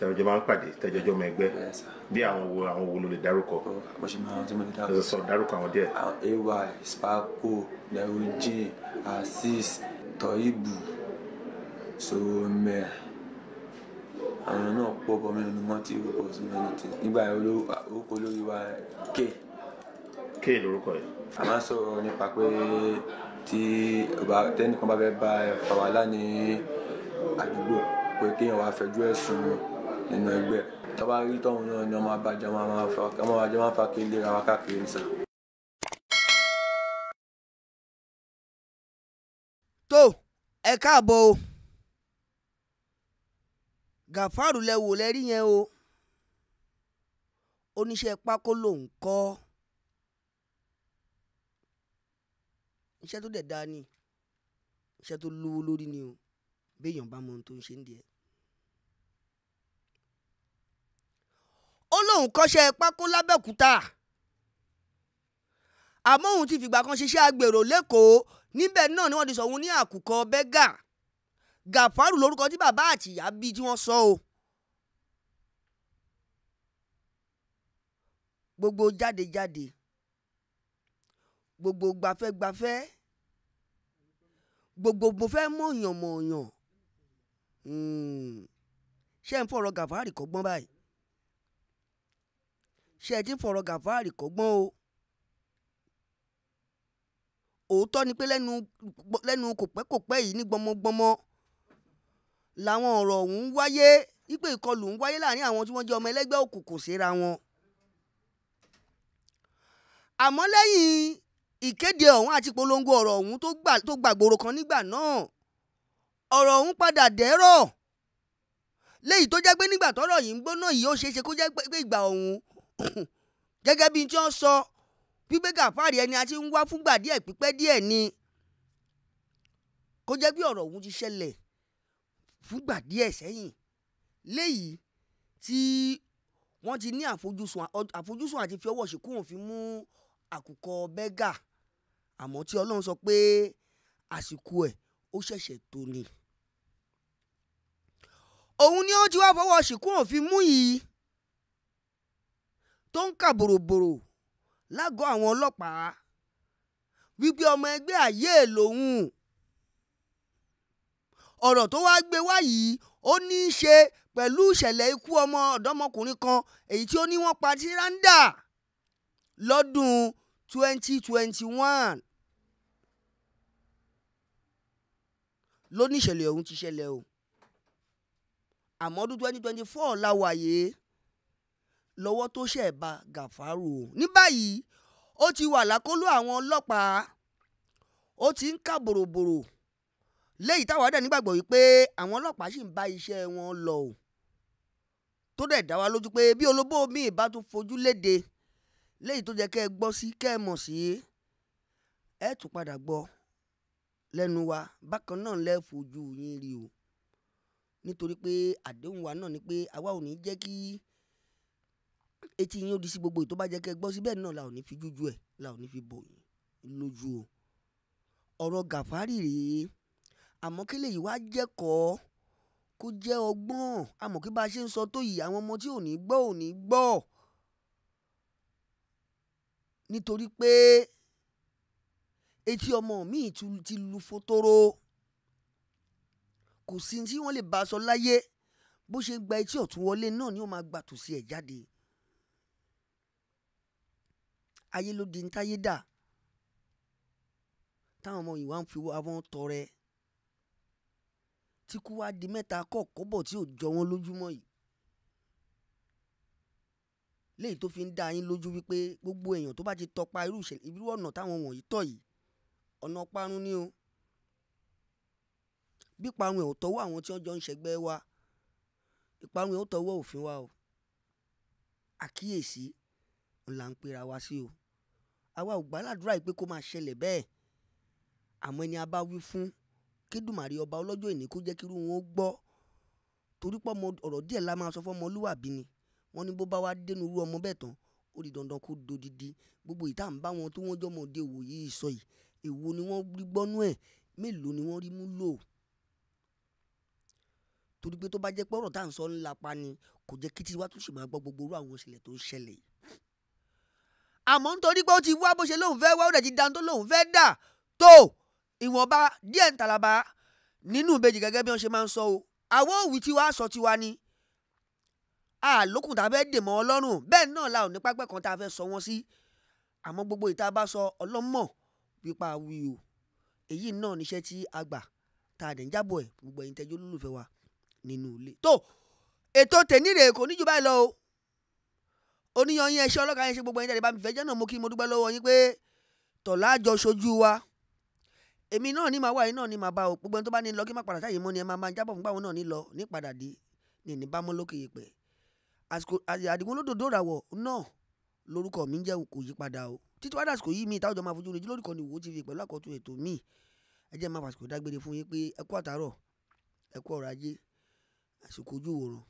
tẹ̀jọ́ máa ń pàdé tẹ̀jọ́jọ́ ọmọ ẹgbẹ́ bí àwọn wo àwọn wo ló lè dárúkọ. mo ṣe máa tí mo lè dárúkọ. sọ dárúkọ àwọn díẹ̀. ay spaco nerojin asis toibu soromẹ àwọn náà pọ̀ bọ́ mẹ́rin ni wọ́n ti rúkọ sí mẹ́rin tí. nígbà orúkọ olórí wa k. k lórúkọ yẹn. a máa sọ̀rọ̀ nípa pé tí tẹ́nìkan bá fẹ́ bá ẹ fà wàhálà ní àdúgbò pé kéèyàn wá fẹjú ẹ̀sùn nínú ẹgbẹ́ tọ́ba rí tọ́hún náà ni ọmọ abájá máa máa fa kí lera wa káàkiri nìsa. tó ẹ káàbọ̀ o gàfárù lẹ wò lẹ́rí yẹn o oníṣẹ́ pákó lòún kọ́ iṣẹ́ tó dẹ̀ dáa ni iṣẹ́ tó lówó lórí ni o béèyàn bá mọ ohun tó ń ṣe ń díẹ̀. ó lóun kọ́ṣẹ́ pákó lábẹ́òkúta àmọ́ òun ti fìgbà kan ṣiṣẹ́ agbèrò lẹ́kọ̀ọ́ níbẹ̀ náà ni wọ́n ti sọ òun ní àkùkọ bẹ́gà gàfárù lórúkọ tí bàbá àtìyá bí tí wọ́n sọ o. gbogbo jáde jáde gbogbo gbafẹ́gbafẹ́ gbogbo mo fẹ́ mọ̀yàn mọ̀yàn hmm. ṣé ń fọ̀rọ̀ Gàfárì kọ́gbọ́n báyìí ṣé ẹ ti fọ̀rọ̀ Gàfárì kọ́gbọ́n o òótọ́ ni pé lẹ́nu lẹ́nu kòpẹ́kòpẹ́ yìí ní gbọmọgbọmọ làwọn ọ̀rọ̀ ọ̀hún wáyé wípé ìkọlù ń wáyé láàrin àwọn tí wọ́n jẹ́ ọmọ ẹlẹ́gbẹ́ òkùnkùn síra wọn. àmọ́ lẹ́yìn ìkéde ọ̀hún àti polongo ọ̀rọ̀ ọ̀hún tó gbàgbóró kan nígbà náà ọ̀rọ̀ ọ̀hún padà dẹ́rọ̀ léyìí tó jẹ́ pé nígbà tọ́rọ̀ yìí ń gbóná yìí ó ṣeé ṣe kó jẹ́ pé ìgbà ọ̀hún gẹ́gẹ́ bí tí wọ́n sọ wípé Gàfárì ẹni àti ń wá fúngbà díẹ̀ pípẹ́ díẹ̀ ni kó jẹ́ pé ọ̀rọ̀ ọ̀hún ti ṣẹlẹ̀ fúngbà díẹ̀ sẹ́yìn léyìí tí wọ́n ti ní àfojúsùn àti fi ọwọ́ ṣìkún òfin mú àkùkọ bẹ́gà àmọ́ tí Ọlọ́run sọ pé àsìkò ẹ̀ ó ṣẹ̀ṣẹ̀ tó ni. òun ni ó ti wá fọwọ́ ṣìkún òfin mú yìí tó ń kà bòròbòrò lágọ̀ọ́ àwọn ọlọ́pàá wípé ọmọ ẹgbẹ́ àyè lòun ọ̀rọ̀ tó wá gbé wá yìí ó ní í ṣe pẹ̀lú ìṣẹ̀lẹ̀ ikú ọmọ ọ̀dọ́mọkùnrin kan èyí tí ó ní wọ́n pa tíranda lọ́dún 2021 ló ní ìṣẹ̀lẹ̀ ọ̀hún ti ṣẹlẹ̀ o àmọ́ ọdún twenty twenty four láwàyé lọ́wọ́ tó ṣẹ̀ bá Gàfárù o ní báyìí ó ti wà lákọlò àwọn ọlọ́pàá ó ti ń kà bòròbòrò léyìí táwọn adẹ̀ nígbàgbọ́ wípé àwọn ọlọ́pàá sì ń bá iṣẹ́ wọn lọ o tó dẹ̀ dá wa lójú pé bí olóbó mi bá tún fojú léde léyìí tó jẹ́ kẹ́ ẹ gbọ́ sí kẹ́ ẹ mọ̀ sí ẹ tún padà gbọ́ lẹ́nu wa bákan náà lẹ́ fojú yín rí o nítorí pé àdéhùn wa náà ni pé àwa ò ní jẹ́ kí etí yín ó di sí gbogbo ètò bá jẹ́ kẹ́ gbọ́ síbẹ̀ náà la ò ní fi jújú ẹ̀ la ò ní fi bò yín lójú o ọ̀rọ̀ Gàfárì rèé àmọ́ kí lèyí wá jẹ́kọ̀ọ́ kó jẹ́ ọgbọ́n àmọ́ kí bá a ṣe ń sọ tó yìí àwọn ọmọ tí ò ní gbọ́ ò ní gbọ́ nítorí pé etí ọmọ mi ti lu fotoro kò sí tí wọ́n lè bá a sọ láyé bó ṣe gba etí ọ̀tún wọlé náà ni ó máa gbà tòsí ẹ̀ jáde ayé ló di ntáyé dà táwọn ọmọ yìí wá ń fi àwọn tọrẹ tí kú wá di mẹ́ta kọ̀ọ̀kọ́bọ̀ tí ò jọ wọ́n lójúmọ́ yìí léyìí tó fi ń dá yín lójú wípé gbogbo èèyàn tó bá ti tọpa irú ọ̀nà táwọn wọ̀nyí tọ̀ yìí ọ̀nà parun ni o bí parun ẹ̀ ò tọ́wọ́ àwọn tí wọ́n jọ ń ṣẹgbẹ́ wa ìparun ẹ̀ ò tọ́wọ́ òfin wa o àkíyèsí là ń pera wa sí o àwa ò gbàládùra yìí pé kó máa ṣẹlẹ̀ bẹ́ẹ̀ àmọ́ ẹni a bá wí fún kédùmàrè ọba ọlọ́jọ́ ìní kó jẹ́ kí wọn ó gbọ́ torí pọ́ ọ̀rọ̀ díẹ̀ la máa sọ fún ni wọ́n ní bó bá wá dénú irú ọmọ bẹ́ẹ̀ tán ó di dandan kó dodidi gbogbo ìta ń bá wọn tó wọ́n jọmọ òde òwò yìí sọ yìí èwo ni wọ́n rí gbọ́nú ẹ̀ mélòó ni wọ́n rí mú lò torí pé tó bá jẹ́ pé ọ̀rọ̀ tá à ń sọ ńlá pa ni kò jẹ́ kí tiwa tún sì máa gbọ́ gbogbo orú àwọn ìṣẹ̀lẹ̀ tó ń ṣẹlẹ̀ yìí. àmọ́ nítorí pé ó ti wá bó ṣe lóun fẹ́ wá ó dẹ̀ ti dáhùn tó lóun fẹ́ dà tó ìwọ̀nba díẹ̀ ń talaba nínú ìbejì gẹ́gẹ́ bí wọ́n ṣe máa ń sọ o àwọn òwì tiwa sọ tiwa ni àlòkùn tá a fẹ́ dè ọlọ́run bẹ́ẹ̀ náà la ò kan tá a fẹ́ sọ wọ́n sí àmọ́ gbogbo ìta bá sọ ọlọ́mọ̀ wípé a wí o èyí náà níṣẹ́ tí a gbà tá a dẹ̀ ń jábọ̀ ẹ̀ gbogbo ẹ̀yin tẹ́jú olólùfẹ́ wa nínú ilé. tó ètò tèmi rèé kò níjú báyìí lọ o oníyanyin ẹṣẹ ọlọ́kà yẹn ṣe gbogbo ẹ̀yin tẹ́lẹ̀ bá mi fẹ́ jẹ́ náà mo kí mo dúpẹ́ lọ́wọ́ yín pé tọ̀lá jọ ṣojú wa èmi náà ní màá wà yín náà ní màá bá o gbogbo ẹni tó bá ní lọ kí má padà táyé mọ́ ni ẹ máa máa jábọ̀ fún báwọn náà ní lọ ní padà dé ní ní bámọ́ lókè yẹpẹ̀ títí wá dàsìkò yìí mi ìtàwọ́jọ́ máa fojú rìn lórí kan ní Wo TV pẹ̀lú àkọ́tún ètò mi ẹ jẹ́ máa fàsìkò dágbére fún yín pé ẹ àtàárọ̀ ẹ ọ̀rọ̀ ajé àsìkò ojú òòrùn.